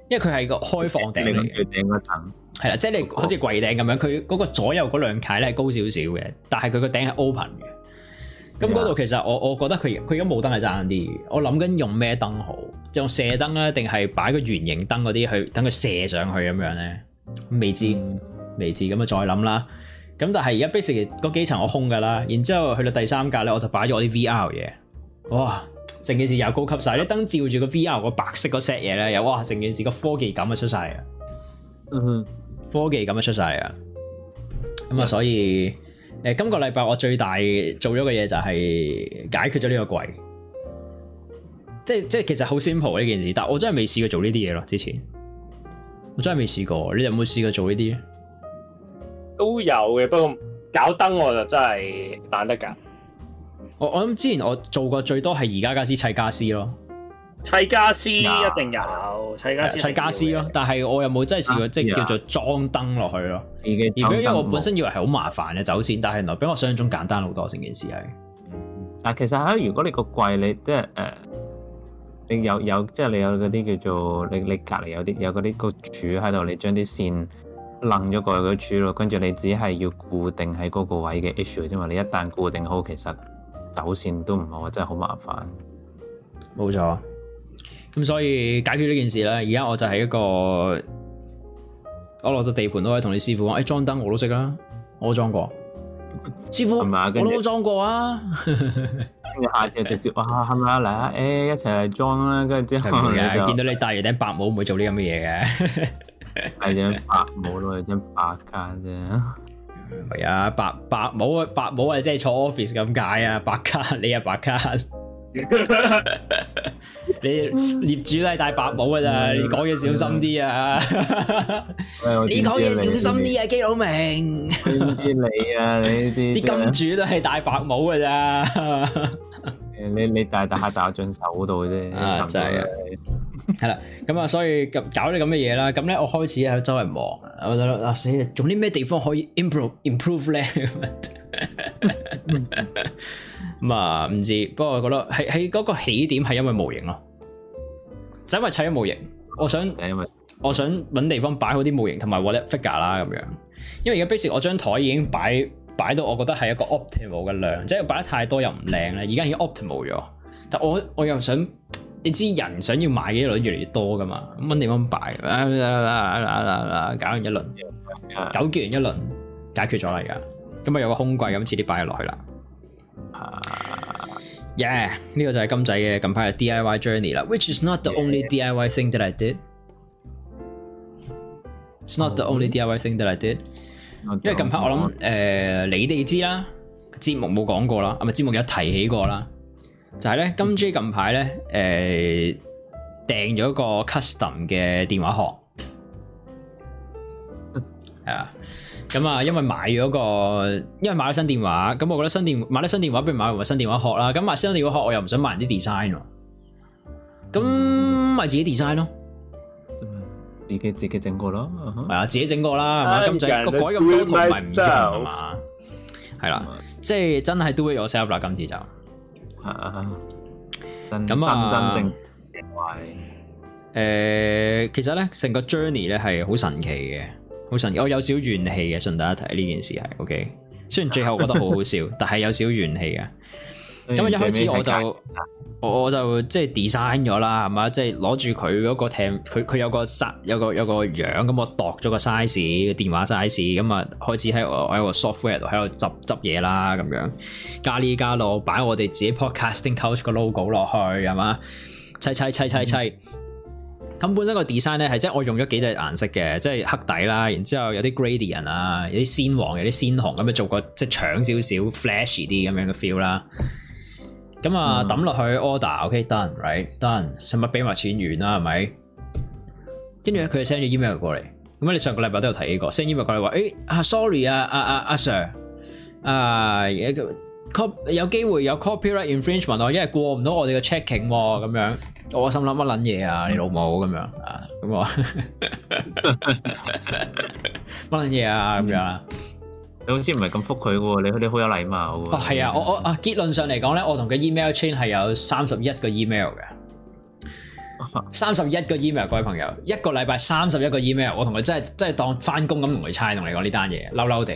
因為佢係個開放頂，係啦，即係你好似櫃頂咁樣，佢嗰個左右嗰兩階咧係高少少嘅，但係佢個頂係 open 嘅。咁嗰度其實我我覺得佢佢而家冇燈係爭啲，我諗緊用咩燈好，就用射燈咧，定係擺個圓形燈嗰啲去等佢射上去咁樣咧？未知、嗯、未知，咁啊再諗啦。咁但係而家 base 嗰幾層我空噶啦，然之後去到第三格咧，我就擺咗我啲 VR 嘢。哇！成件事又高級晒，啲燈照住個 VR 個白色嗰 set 嘢咧，又哇！成件事個科技感啊出曬，嗯哼，科技感啊出晒啊。咁啊，所以誒、嗯呃，今個禮拜我最大做咗嘅嘢就係解決咗呢個櫃，即係即係其實好 simple 呢件事，但我真係未試過做呢啲嘢咯。之前我真係未試、試過，你哋有冇試過做呢啲？都有嘅，不過搞燈我就真係懶得搞。我我諗之前我做過最多係宜家家私砌家私咯，砌家私一定有 Yeah. 砌家私。砌家私咯，但係我又冇真係試過、啊、即係叫做裝燈落去咯。的而而因為我本身以為係好麻煩嘅走線，但係原來比我想像中簡單好多，成件事係、嗯。但其實喺如果你個櫃你即係誒，你有有即係、就是、你有嗰啲叫做你你隔籬有啲有嗰啲、那個柱喺度，你將啲線擰咗過去嗰柱咯，跟住你只係要固定喺嗰個位嘅 issue，之外，你一旦固定好其實。走線都唔係話，真係好麻煩。冇錯，咁所以解決呢件事咧，而家我就係一個，我落到地盤都可以同你師傅講，誒裝燈我都識啦，我裝過，師傅，我我都裝過啊，跟住下就直接哇，係咪啊嚟啊，誒一齊嚟裝啦，跟住之後，見到你戴住頂白帽，唔會做呢咁嘅嘢嘅，戴頂白帽咯，戴頂白卡啫。係啊，白白帽啊，白帽啊，即係坐 office 咁解啊，白卡你啊白卡， 你業主都係戴白帽噶咋？嗯、你講嘢小心啲啊，、哎、啊！你講嘢小心啲啊，基佬明？邊 啲你啊？你啲啲 金主都係戴白帽噶咋？ 你你戴戴下戴下樽手度啫。啊，真係。係啦，咁啊、 嗯，所以搞啲咁嘅嘢啦，咁咧我開始喺周圍望，我諗啊死，仲啲咩地方可以 improve, improve improve 咧？咁啊唔知，不過我覺得喺喺嗰個起點係因為模型咯，就是，因為砌咗模型，我想因為我想搵地方擺好啲模型同埋 whatever figure 啦咁樣，因為而家 basically 我張台已經擺擺到我覺得係一個 optimal 嘅量，即係擺得太多又唔靚咧，而家已經 optimal 咗，但我我又想。你知人想要買嘅一輪越嚟越多噶嘛？乜地方擺，啦啦啦啦啦，搞完一輪，搞、啊、完一輪解決咗啦。而家今日有個空季咁，遲啲擺落去啦。Yeah 呢個就係金仔嘅近排嘅 DIY journey 啦。啊、which is not the only DIY thing that I did。It's not the only DIY thing that I did、嗯。因為近排我諗誒，你哋知啦，節目冇講過啦，係咪節目有提起過啦。就係咧，金 J 近排咧，誒、呃，訂咗個 custom 嘅電話殼，係啊， 咁啊，因為買咗個，因為買咗新電話，咁我覺得新電買咗新電話，不如買埋新電話殼啦。咁買新電話殼，我又唔想買人啲 design 啊，咁咪、嗯、自己 design 咯，自己自己整過咯，係、uh huh. 啊，自己整過啦，係咪 'm 啊？金仔個鬼咁多同埋唔用嘛，係啦 myself.，即係、mm hmm. 真係 do it yourself 啦，今次就。真啊！咁啊，真真正喂，誒、呃，其實咧成個 journey 咧係好神奇嘅，好神奇，我有少怨氣嘅，順大家睇呢件事係 OK。雖然最後覺得好好笑， 但係有少怨氣嘅。咁、嗯、一開始我就、嗯、我就即係 design 咗啦，係嘛、嗯？即係攞住佢嗰個艇，佢佢有個 size，有個有個樣咁、嗯，我度咗個 size，電話 size，咁、嗯、啊開始喺喺個 software 度喺度執執嘢啦，咁樣加呢加路擺我哋自己 podcasting coach 個 logo 落去，係嘛？砌砌砌砌砌咁本身個 design 咧係即係我用咗幾隻顏色嘅，即係黑底啦，然之後有啲 gradient 啊，有啲鮮黃，有啲鮮紅咁樣做個即係、就是、搶少少 flash 啲咁樣嘅 feel 啦。咁啊，抌落去 order，OK done，right done，使乜俾埋錢完啦？係咪？跟住咧，佢就 send 咗 email 過嚟。咁啊，你上個禮拜都有睇呢個，send email 過嚟話，誒，啊，sorry 啊，啊啊啊，Sir，啊，有機會有 copyright infringement 喎，因為過唔到我哋嘅 checking 喎，咁樣，我心諗乜撚嘢啊？你老母咁樣啊？咁話乜撚嘢啊？咁樣啊？你好似唔係咁覆佢嘅喎，你你好有禮貌喎。哦，係啊，我我啊，結論上嚟講咧，我同佢 email chain 係有三十一個 email 嘅，三十一個 email，各位朋友一個禮拜三十一個 email，我同佢真係真係當翻工咁同佢猜，同你講呢單嘢，嬲嬲地。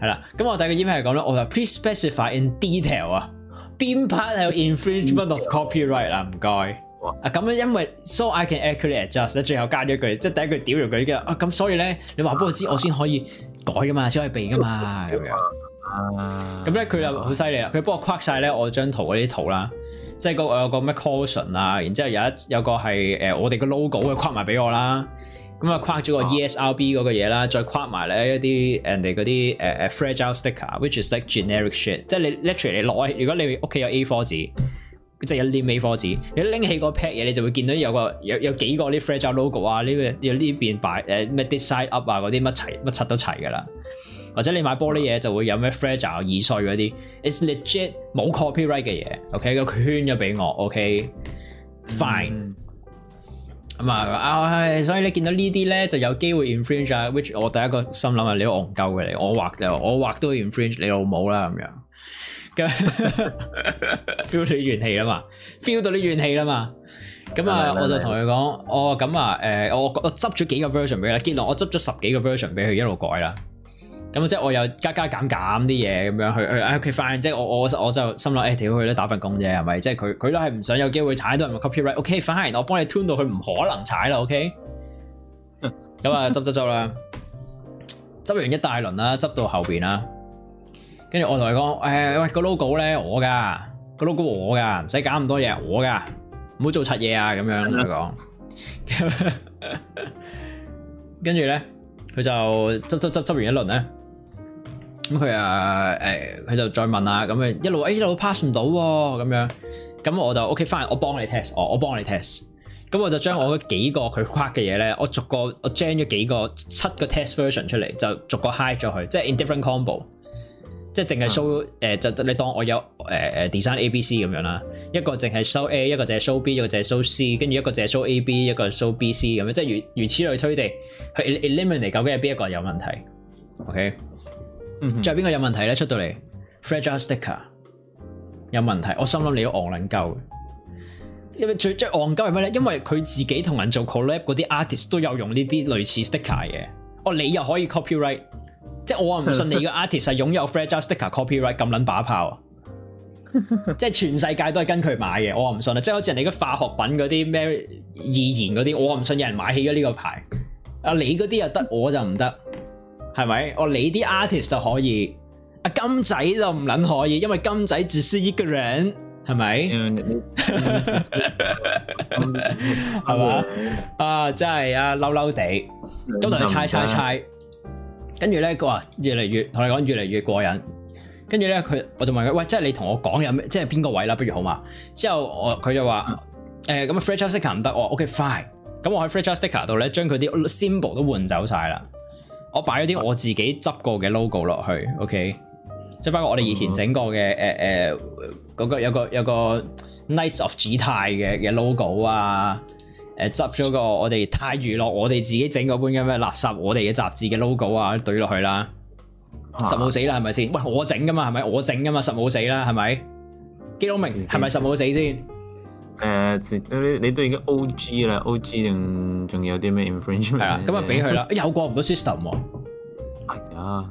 係啦， 咁我第一個 email 係講咧，我就 please specify in detail 啊，邊 part 係有 infringement of copyright 啊，唔該。啊咁樣，因為 So I can accurately，adjust。最後加咗一句，即係第一句屌咗佢，跟啊咁，所以咧，你話俾我知，我先可以改噶嘛，先可以備噶嘛，咁樣。咁咧佢就好犀利啦，佢幫、啊、我框晒咧我張圖嗰啲圖啦，即係個有個咩 caution 啊，然之後有一有個係誒、呃、我哋個 logo 嘅框埋俾我啦，咁啊框咗個 ESRB 嗰個嘢啦，再框埋咧一啲人哋嗰啲誒、呃、fragile sticker，which is like generic shit，即係你 literally 你攞，如果你屋企有 A4 紙。即係一啲美科紙，你拎起個 p a d 嘢，你就會見到有個有有幾個啲 f r a g i l e logo 啊，呢個呢邊擺誒咩、呃、s i d e up 啊嗰啲乜齊乜柒都齊噶啦，或者你買玻璃嘢就會有咩 f r a g i l e 易碎嗰啲，It's legit 冇 copyright 嘅嘢，OK 個圈咗俾我，OK fine 咁、嗯、啊、哎，所以你見到這些呢啲咧就有機會 infringe 啊，which 我第一個心諗啊，你都戇鳩嘅你，我畫就我，我畫都會 infringe 你老母啦咁樣。feel 到啲怨氣啦嘛，feel 到啲怨氣啦嘛，咁啊，我就同佢講，哦、哎，咁啊，誒，我我執咗幾個 version 俾佢啦，結果我執咗十幾個 version 俾佢一路改啦，咁即係我又加加減減啲嘢，咁樣去，誒，ok fine 即係我我我就心諗，誒，屌佢都打份工啫，係咪？即係佢佢都係唔想有機會踩到係個 copyright，ok、okay，反而我幫你 tune 到佢唔可能踩啦，ok，咁啊， 執執執啦，執完一大輪啦，執到後邊啦。跟住我同佢講，誒，喂，個 logo 咧我噶，個 logo 我噶，唔使搞咁多嘢，我噶，唔好做柒嘢啊，咁樣佢講。跟住咧，佢就執執執執完一輪咧，咁佢啊，誒，佢就再問啊，咁啊一路一路 pass 唔到喎，咁樣，咁我就 OK fine，我幫你 test，我我幫你 test，咁我就將我幾個佢夸嘅嘢咧，我逐個我 gen 咗幾個七個 test version 出嚟，就逐個 hide 咗佢，即係 in different combo。即係淨係 show、嗯呃、就你當我有 design、呃、A B C 咁樣啦。一個淨係 show A，一個淨係 show B，一個淨係 show C，跟住一個淨係 show A B，一個係 show B，一個淨係 show B C 咁樣。即係如如此類推地去 eliminate，究竟係邊一個有問題？OK，仲、嗯、哼有邊個有問題咧？出到嚟 fragile sticker 有問題。我心諗你都戇撚鳩，因為最最戇鳩係咩咧？因為佢自己同人做 collab 嗰啲 artist 都有用呢啲類似 sticker 嘅。哦，你又可以 copyright？即係我唔信你個 artist 係擁有 Fragile sticker 嘅 copyright 咁撚把炮， 即係全世界都係跟佢買嘅，我唔信啦。即係好似人哋啲化學品嗰啲咩易燃嗰啲，我唔信有人買起咗呢個牌。阿你嗰啲又得，我就唔得，係咪？我你啲 artist 就可以，阿金仔就唔撚可以，因為金仔只是一個人，係咪？係嘛？啊，真係啊，嬲嬲地，都同你猜猜猜，猜。跟住咧，佢話越嚟越，同你講越嚟越過癮。跟住咧，佢我就問佢，喂，即係你同我講有咩？即係邊個位啦？不如好嘛？之後我佢就話，咁、呃、fridge sticker 唔得。我 OK fine。咁我喺 fridge sticker 度咧，將佢啲 symbol 都換走晒啦。我擺咗啲我自己執過嘅 logo 落去。OK，即係、嗯嗯、包括我哋以前整過嘅嗰個有個有個 Knights of G 泰嘅嘅 logo 啊。誒執咗個我哋太娛樂，我哋自己整嗰本嘅咩垃圾，我哋嘅雜誌嘅 logo 啊，對落去啦，十冇死啦，係咪先？喂，我整噶嘛，係咪我整噶嘛，十冇死啦，係咪？基隆明係咪十冇死先？誒、呃，你都已經 O.G. 啦，O.G. 仲仲有啲咩 infringe 咩？係啊，咁啊俾佢啦，有過唔到 system 喎。係啊。哎呀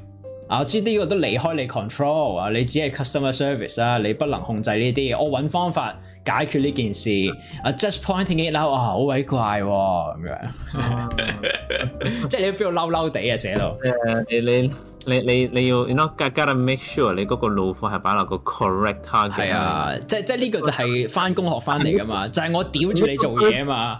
我知呢個都離開你 control 啊！你只係 customer service 啊！你不能控制呢啲，我揾方法解決呢件事。啊 Yeah.，just pointing it out，哇、哦！好鬼怪喎，咁樣，即係你都 feel 到嬲嬲地啊寫到？誒、uh,，你你你你你要，you know, got to make sure 你嗰個老虎係擺落個 correct target。係啊，嗯、即係即係呢個就係翻工學翻嚟噶嘛， 就係我屌住你做嘢啊嘛。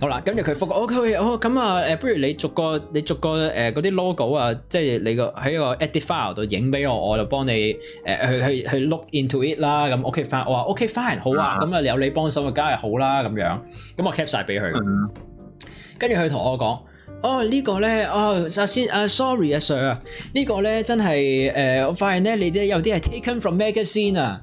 好啦，跟住佢覆我，OK，我咁啊，誒、哦，哦、不如你逐個，你逐個誒嗰啲 logo 啊，即係你個喺個 edit file 度影俾我，我就幫你誒、呃、去去去 look into it 啦。咁、嗯、OK fine，我話 OK fine，好啊。咁啊、uh huh. 嗯、有你幫手，咪梗係好啦咁樣。咁、嗯、我 cap 晒俾佢，uh huh. 跟住佢同我講、oh，哦、uh, sorry, sir, 個呢個咧，哦首先啊，sorry 啊 sir 啊，呢個咧真係，誒我發現咧，你啲有啲係 taken from magazine 啊。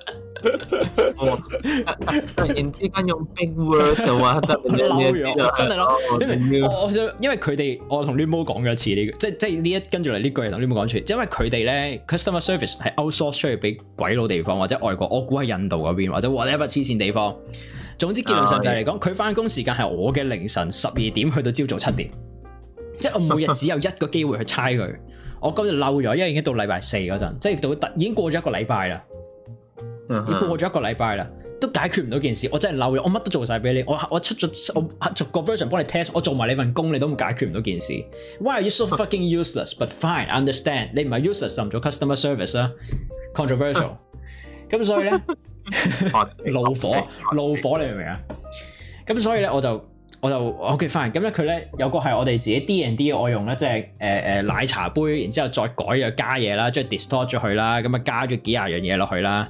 突 然之間用 big word 就話 真係嬲說！ 我想因為佢哋，我同 Limo 講咗一次呢，即係即係呢一跟住嚟呢句，同 Limo 講出，因為佢哋咧 customer service 係 outsourced 出去俾鬼佬地方或者外國，我估係印度嗰邊或者 whatever 黐線地方。總之結論、啊、上就嚟講，佢翻工時間係我嘅凌晨十二點去到朝早七點， 即係我每日只有一個機會去猜佢。我今日嬲咗，因為已經到禮拜四嗰陣，即係已經過咗一個禮拜啦。你過咗一個禮拜啦，都解決唔到件事，我真係漏咗，我乜都做晒俾你，我我出咗我逐個 version 幫你 test，我做埋你份工，你都解決唔到件事。Why are you so fucking useless? But fine, I understand. 你 useless, er。你唔係 useless，做唔做 customer service 啦 Controversial。咁所以咧，怒火怒火，火你明唔明啊？咁所以咧，我就 okay fine，他我就 OK 翻。咁咧佢咧有個係我哋自己 D and D，的我用一隻誒奶茶杯，然之後再改樣加嘢啦，即係 distort 咗佢啦，咁啊加咗幾廿樣嘢落去啦。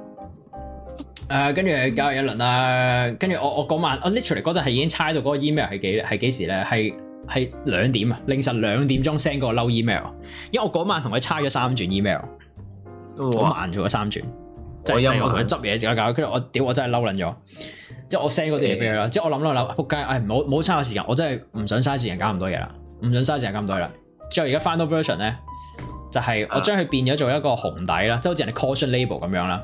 誒，跟住搞完一輪啦，跟住我我嗰晚，我 literally 嗰陣係已經猜到嗰個 email 係幾係幾時咧？係係兩點啊，凌晨兩點鐘 send 個嬲 email，因為我嗰晚同佢猜咗三轉 email，嗰晚做咗三轉，即係因為我同佢執嘢搞搞，跟住、嗯、我屌我，我真係嬲撚咗，即係我 send 嗰啲嘢俾佢啦，欸、即係我諗啦諗，撲街，唔好唔好嘥時間，我真係唔想嘥時間搞咁多嘢啦，唔想嘥時間搞咁多嘢啦。之後而家 final version 咧，就係、是、我將佢變咗做一個紅底啦，啊、即係好似人哋 caution label 咁樣啦。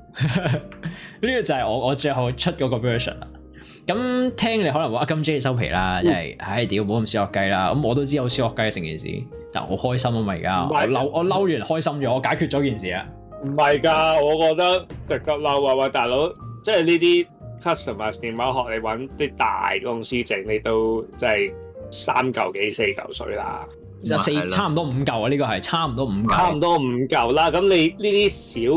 呢 個就係我我最後出嗰個 version 啦。咁聽你可能話金 J 收皮啦，即係唉，屌、就是，唔、哎、好咁小學雞啦。咁我都知有小學雞成件事，但係我開心啊，咪而家我嬲我嬲完了開心咗，我解決咗件事啊。唔係噶，嗯、我覺得值得嬲啊！喂大佬，即係呢啲 customer 電話學你搵啲大公司整，你都即係三嚿幾四嚿水啦。四 4, 差唔多五嚿啊！呢、呢個係差唔多五嚿。差唔多五嚿啦。咁你呢啲少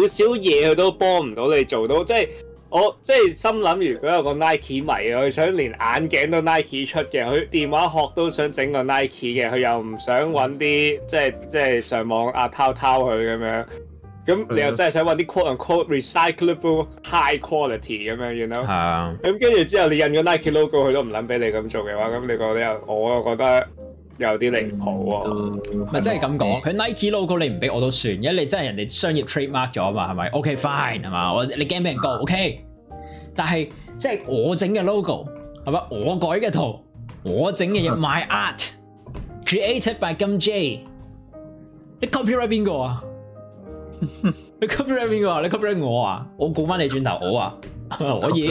少少嘢，佢都幫唔到你做到。即係我即係心諗，如果有個 Nike 迷啊，佢想連眼鏡都 Nike 出嘅，佢電話殼都想整個 Nike 嘅，佢又唔想揾啲即係即係上網啊，偷偷佢咁樣。咁你又真係想揾啲 quote unquote recyclable high quality 咁樣 you know？係啊。咁跟住之後，你印咗 Nike logo，佢都唔撚俾你咁做嘅話，咁你覺得我又我覺得。有啲離譜啊！咪、嗯、嗎真係咁講？佢 Nike logo 你唔俾我都算，因為你真係人哋商業 trademark 咗啊嘛，係咪？OK fine 係嘛？我你驚俾人告、啊、？OK，但係即係我整嘅 logo 係咪？我改嘅圖，我整嘅嘢，my art created by Gem J 你、啊。 你 copy right 邊個啊？你 copy right 邊個啊？你 copy right 我啊？我估翻你轉頭好啊？可以，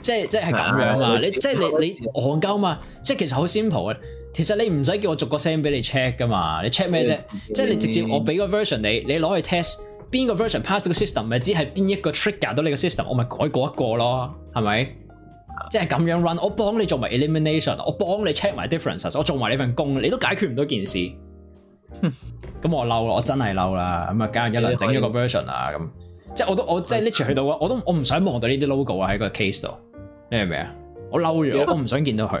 即係即係咁樣啊！啊你，你即係你你戇鳩嘛？即係其實好 simple 啊！其實你唔使叫我逐個聲俾你 check 㗎嘛，你 check 咩啫？嗯、即係你直接我俾個 version 你，你攞去 test 邊個 version pass 個 system，咪知係邊一個 trigger 到你個 system，我咪改嗰一個咯，係咪？嗯、即係咁樣 run，我幫你做埋 elimination，我幫你 check 埋 differences，我做埋呢份工，你都解決唔到件事。咁、嗯、我嬲咯，我真係嬲啦。咁啊，今一輪整咗個 version 啊，咁即係我，是我，我都我即係 liter 去到我都我唔想望到呢啲 logo 喺個 case 度，你明唔明啊？我嬲咗，嗯、我唔想見到佢。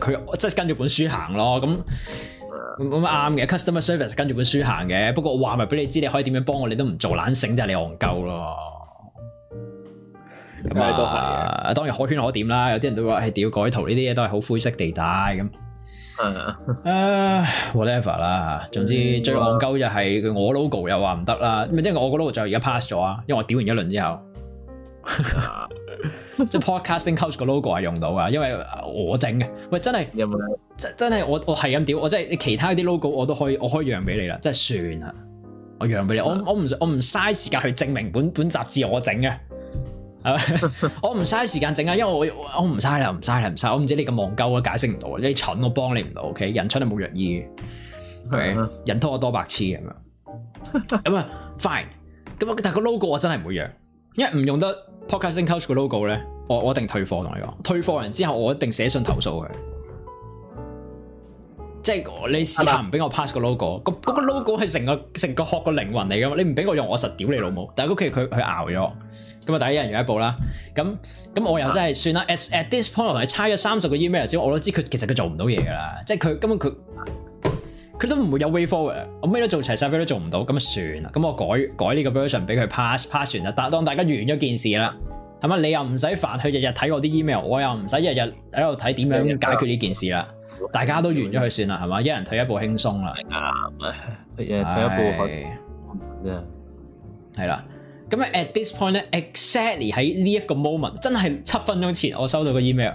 佢即係跟住本書行咯，咁咁啱嘅。 Customer service 跟住本書行嘅，不過我話埋俾你知，你可以點樣幫我，你都唔做懶醒，就係你戇鳩咯。咁啊，當然可圈可點啦。有啲人都話，唉，屌改圖呢啲嘢都係好灰色地帶咁。 啊、whatever 啦。總之最戇鳩就係我 logo 又話唔得啦。 因為我個 logo 就而家 pass 咗啊，因為我屌完一輪之後。 即係 podcasting coach 個 logo 係用到噶，因為我整嘅。喂，真係有冇？真真係我我係咁屌，我真係你其他啲 logo 我都可以，我可以讓俾你啦。真係算啦，我讓俾你。我我唔我唔嘥時間去證明本本雜誌我整嘅，係咪？ 我唔嘥時間整啊，因為我我唔嘥啦，唔嘥啦，唔嘥。我唔知你咁忘舊啊，我我我我我我解釋唔到啊。你蠢，我幫你唔到。OK，人蠢係冇藥醫嘅，係咪？人拖我多白痴咁樣。咁啊 ，fine。咁但係個 logo 我真係唔會讓。因為唔用得 Podcasting Coach 個 logo 咧，我我一定退貨同你講，退貨完之後我一定寫信投訴佢。即係你試下唔俾我 pass 個 logo，咁個 logo 係成個成個學個靈魂嚟噶嘛，你唔俾我用，我實屌你老母！但係嗰期佢佢熬咗，咁啊第一人有一步啦，咁咁我又真係算啦。At at this point 同你猜咗三十個 email，即係我都知佢其實佢做唔到嘢噶啦，即係佢根本佢。佢都唔會有 way forward，我咩都做齊晒，咩都做唔到，咁啊算啦，咁我改改呢個 version 俾佢 pass pass 算啦，當大家完咗件事啦，係嘛？你又唔使煩佢日日睇我啲 email，我又唔使日日喺度睇點樣解決呢件事啦，大家都完咗佢算啦，係嘛？一人退一步輕鬆啦，啱啊，一人退一步，係啦，咁啊了了 at this point 咧，exactly 喺呢一個 moment，真係七分鐘前我收到個 email。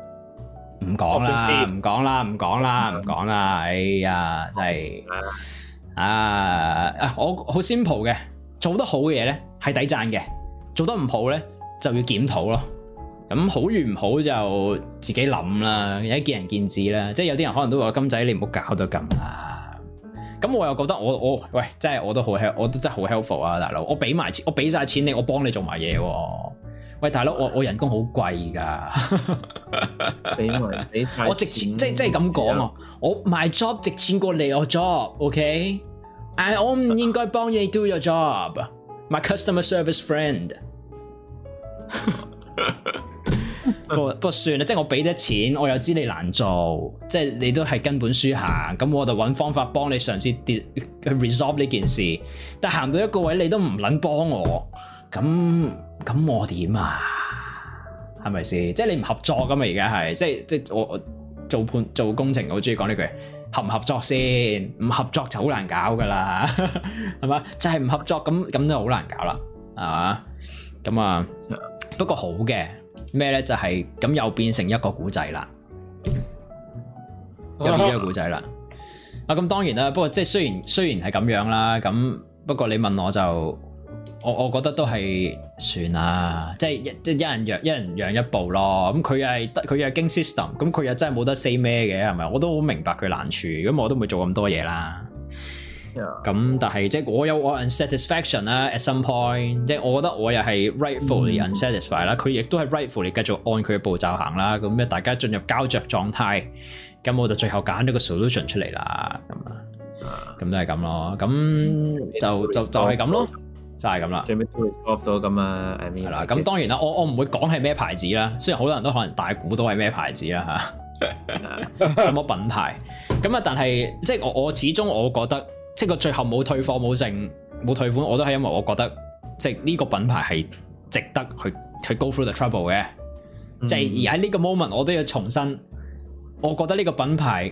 唔講啦，唔講啦，唔講啦，唔講啦，哎呀，真係啊！我好 simple 嘅，做得好嘅嘢咧係抵讚嘅，做得唔好咧就要檢討咯。咁好與唔好就自己諗啦，而且見仁見智啦。即係有啲人可能都話金仔你唔好搞到咁啊。咁我又覺得我我喂，真係我都好我都真係好 helpful 啊，大佬。我俾埋錢，我俾晒錢你，我幫你做埋嘢啊。喂，大佬，我我人工好貴噶。 俾我，我值錢，錢即係即係咁講啊！有我 my job 值錢過你我 job，OK？、Okay？但係我唔應該幫你 do your job，my customer service friend 不。不不，算啦，即係我俾得錢，我又知你難做，即係你都係跟本書行，咁我就揾方法幫你嘗試 resolve 呢件事。但行到一個位，你都唔捻幫我，咁咁我點啊？係咪先？即係你唔合作噶嘛，而家係，即係即係我做判做工程好中意講呢句，合唔合作先？唔合作就好難搞噶啦，係嘛？ 就係、是、唔合作咁咁就好難搞啦，係嘛？咁啊，不過好嘅咩咧？就係、是、咁又變成一個古仔啦，又 變咗個古仔啦。 啊，咁當然啦。不過即係雖然雖然係咁樣啦，咁不過你問我就。我我覺得都係算啦，即係一即係一人讓一人讓一步咯。咁佢又係得佢又經 system，咁佢又真係冇得 say 咩嘅係咪？我都好明白佢難處，咁我都唔會做咁多嘢啦。咁 Yeah. 但係即係我有我 unsatisfaction 啦，at some point，即係我覺得我又係 rightfully unsatisfy 啦。佢亦都係 rightfully 繼續按佢嘅步驟行啦。咁咩？大家進入膠着狀態，咁我就最後揀咗個 solution 出嚟啦。咁啊，咁都係咁咯。咁就就就係咁咯。就係咁啦，o 到啦。咁當然啦，我我唔會講係咩牌子啦。雖然好多人都可能大估到係咩牌子啦嚇， 什麼品牌咁啊？但係即係我我始終我覺得，即係個最後冇退貨冇剩冇退款，我都係因為我覺得即係呢個品牌係值得去去 go through the trouble 嘅。即係、嗯、而喺呢個 moment，我都要重新，我覺得呢個品牌。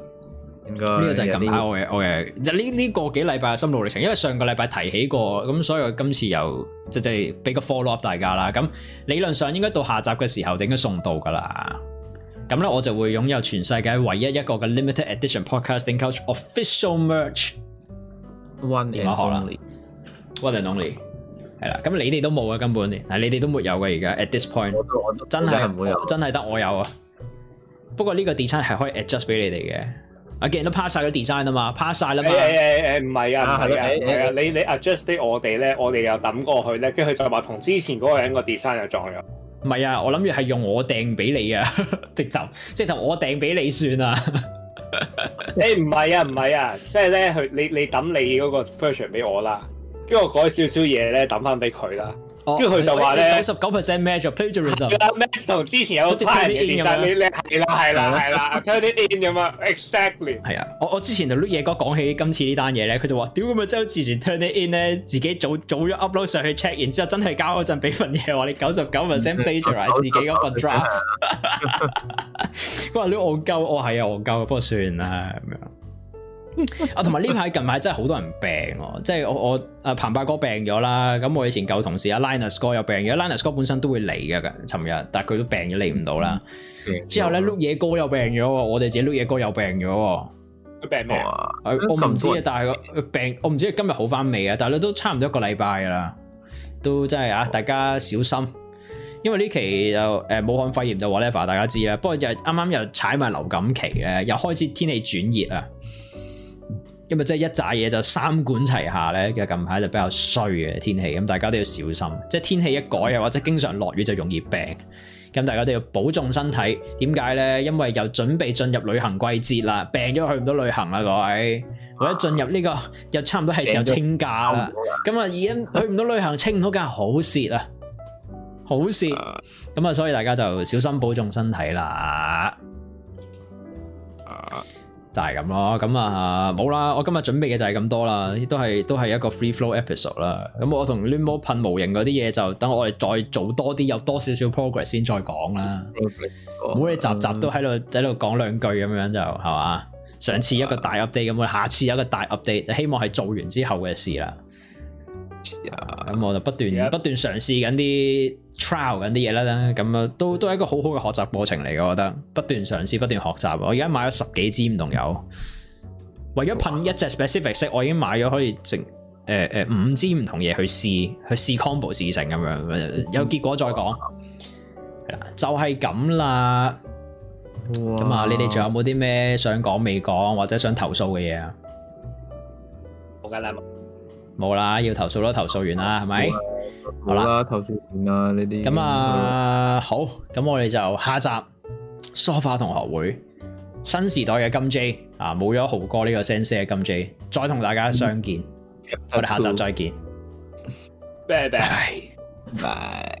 呢個就係咁解，我嘅我嘅，就呢呢個幾禮拜嘅心路歷程，因為上個禮拜提起過，咁所以我今次又即係即係俾個 follow up 大家啦。咁理論上應該到下集嘅時候，應該送到噶啦。咁咧我就會擁有全世界唯一一個嘅 limited edition podcasting coach official merch One。電啦，one and only，係啦，咁你哋都冇啊，根本，但你哋都冇有嘅而家。at this point，我我真係唔會有，真係得我有啊。不過呢個 design 係可以 adjust 俾你哋嘅。既然都 pass 曬咗 design 啊嘛，pass 曬啦嘛、欸。唔、欸、係、欸、啊，係啊係啊，啊，啊，你你 adjust 啲、嗯、我哋咧，我哋又抌過去咧，跟住佢再話同之前嗰個人個 design 又撞咗。唔係啊，我諗住係用我訂俾你，訂給你、欸、啊，直就即係同我訂俾你算啊。誒唔係啊，唔係啊，即係咧，佢你你抌你嗰個 fashion 俾我啦，跟住我改少少嘢咧，抌翻俾佢啦。跟住佢就話咧，九十九 percent major plagiarism，係啦，同之前有 turn it in 咁樣，係啦，係啦，係啦，turn it in 咁啊，exactly。係啊，我我之前就 look 嘢哥講起今次呢單嘢咧，佢就話，屌咁啊，即係好似轉 turn it in 咧，自己早早咗 upload 上去 check，然之後真係交嗰陣俾份嘢話你九十九 percent plagiarism，自己嗰份 draft。佢話，你戇鳩，我係啊戇鳩，不過算啦咁樣。 啊，同埋呢排近排真係好多人病，即係我我啊彭伯哥病咗啦，咁我以前舊同事阿 Linus 哥又病咗，Linus 哥本身都會嚟噶尋日，但係佢都病咗嚟唔到啦。嗯、之後咧碌嘢哥又病咗，我哋自己碌嘢哥又病咗，佢病咩啊？啊？我唔知啊，但係病我唔知佢今日好翻未啊，但係都差唔多一個禮拜啦，都真係啊，大家小心，因為呢期就誒、呃、武漢肺炎就話咧，大家知啦。不過又啱啱又踩埋流感期嘅，又開始天氣轉熱啊。今日即係一紮嘢，就三管齊下咧，嘅近排就比較衰嘅天氣，咁大家都要小心。即係天氣一改，又或者經常落雨就容易病，咁大家都要保重身體。點解咧？因為又準備進入旅行季節啦，病咗去唔到旅行啦，各位。或者進入呢個又差唔多係時候清假啦，咁啊已經去唔到旅行， 清唔到梗係好蝕啊，好蝕。咁啊，所以大家就小心保重身體啦。就係咁咯，咁啊冇啦，我今日準備嘅就係咁多啦，都係都係一個 free flow episode 啦。咁我同 Limo 噴模型嗰啲嘢就等我哋再做多啲，有多少少 progress 先再講啦。好。Yeah. 你集集都喺度喺度講兩句咁樣就係嘛？上次一個大 update 咁，下次有一個大 update 希望係做完之後嘅事啦。咁 Yeah. 我就不斷不斷嘗試緊啲 trial 緊啲嘢啦，咁啊都都係一個好好嘅學習過程嚟，我覺得不斷嘗試，不斷學習。我而家買咗十幾支唔同油，為咗噴一隻 specific 色，我已經買咗可以整誒誒、呃、五支唔同嘢去試，去試 combo 試成咁樣，有結果再講。係啦，就係咁啦。咁啊哇，你哋仲有冇啲咩想講未講，或者想投訴嘅嘢啊？冇啦，要投訴咯，投訴完啦，係咪了？好啦些，投訴完啦，呢啲。咁啊，好，咁我哋就下集 s o 梳化同學會，新時代嘅金 J 啊，冇咗豪哥呢個 sensei 嘅金 J，再同大家相見，嗯、我哋下集再見，拜拜，拜，拜。拜拜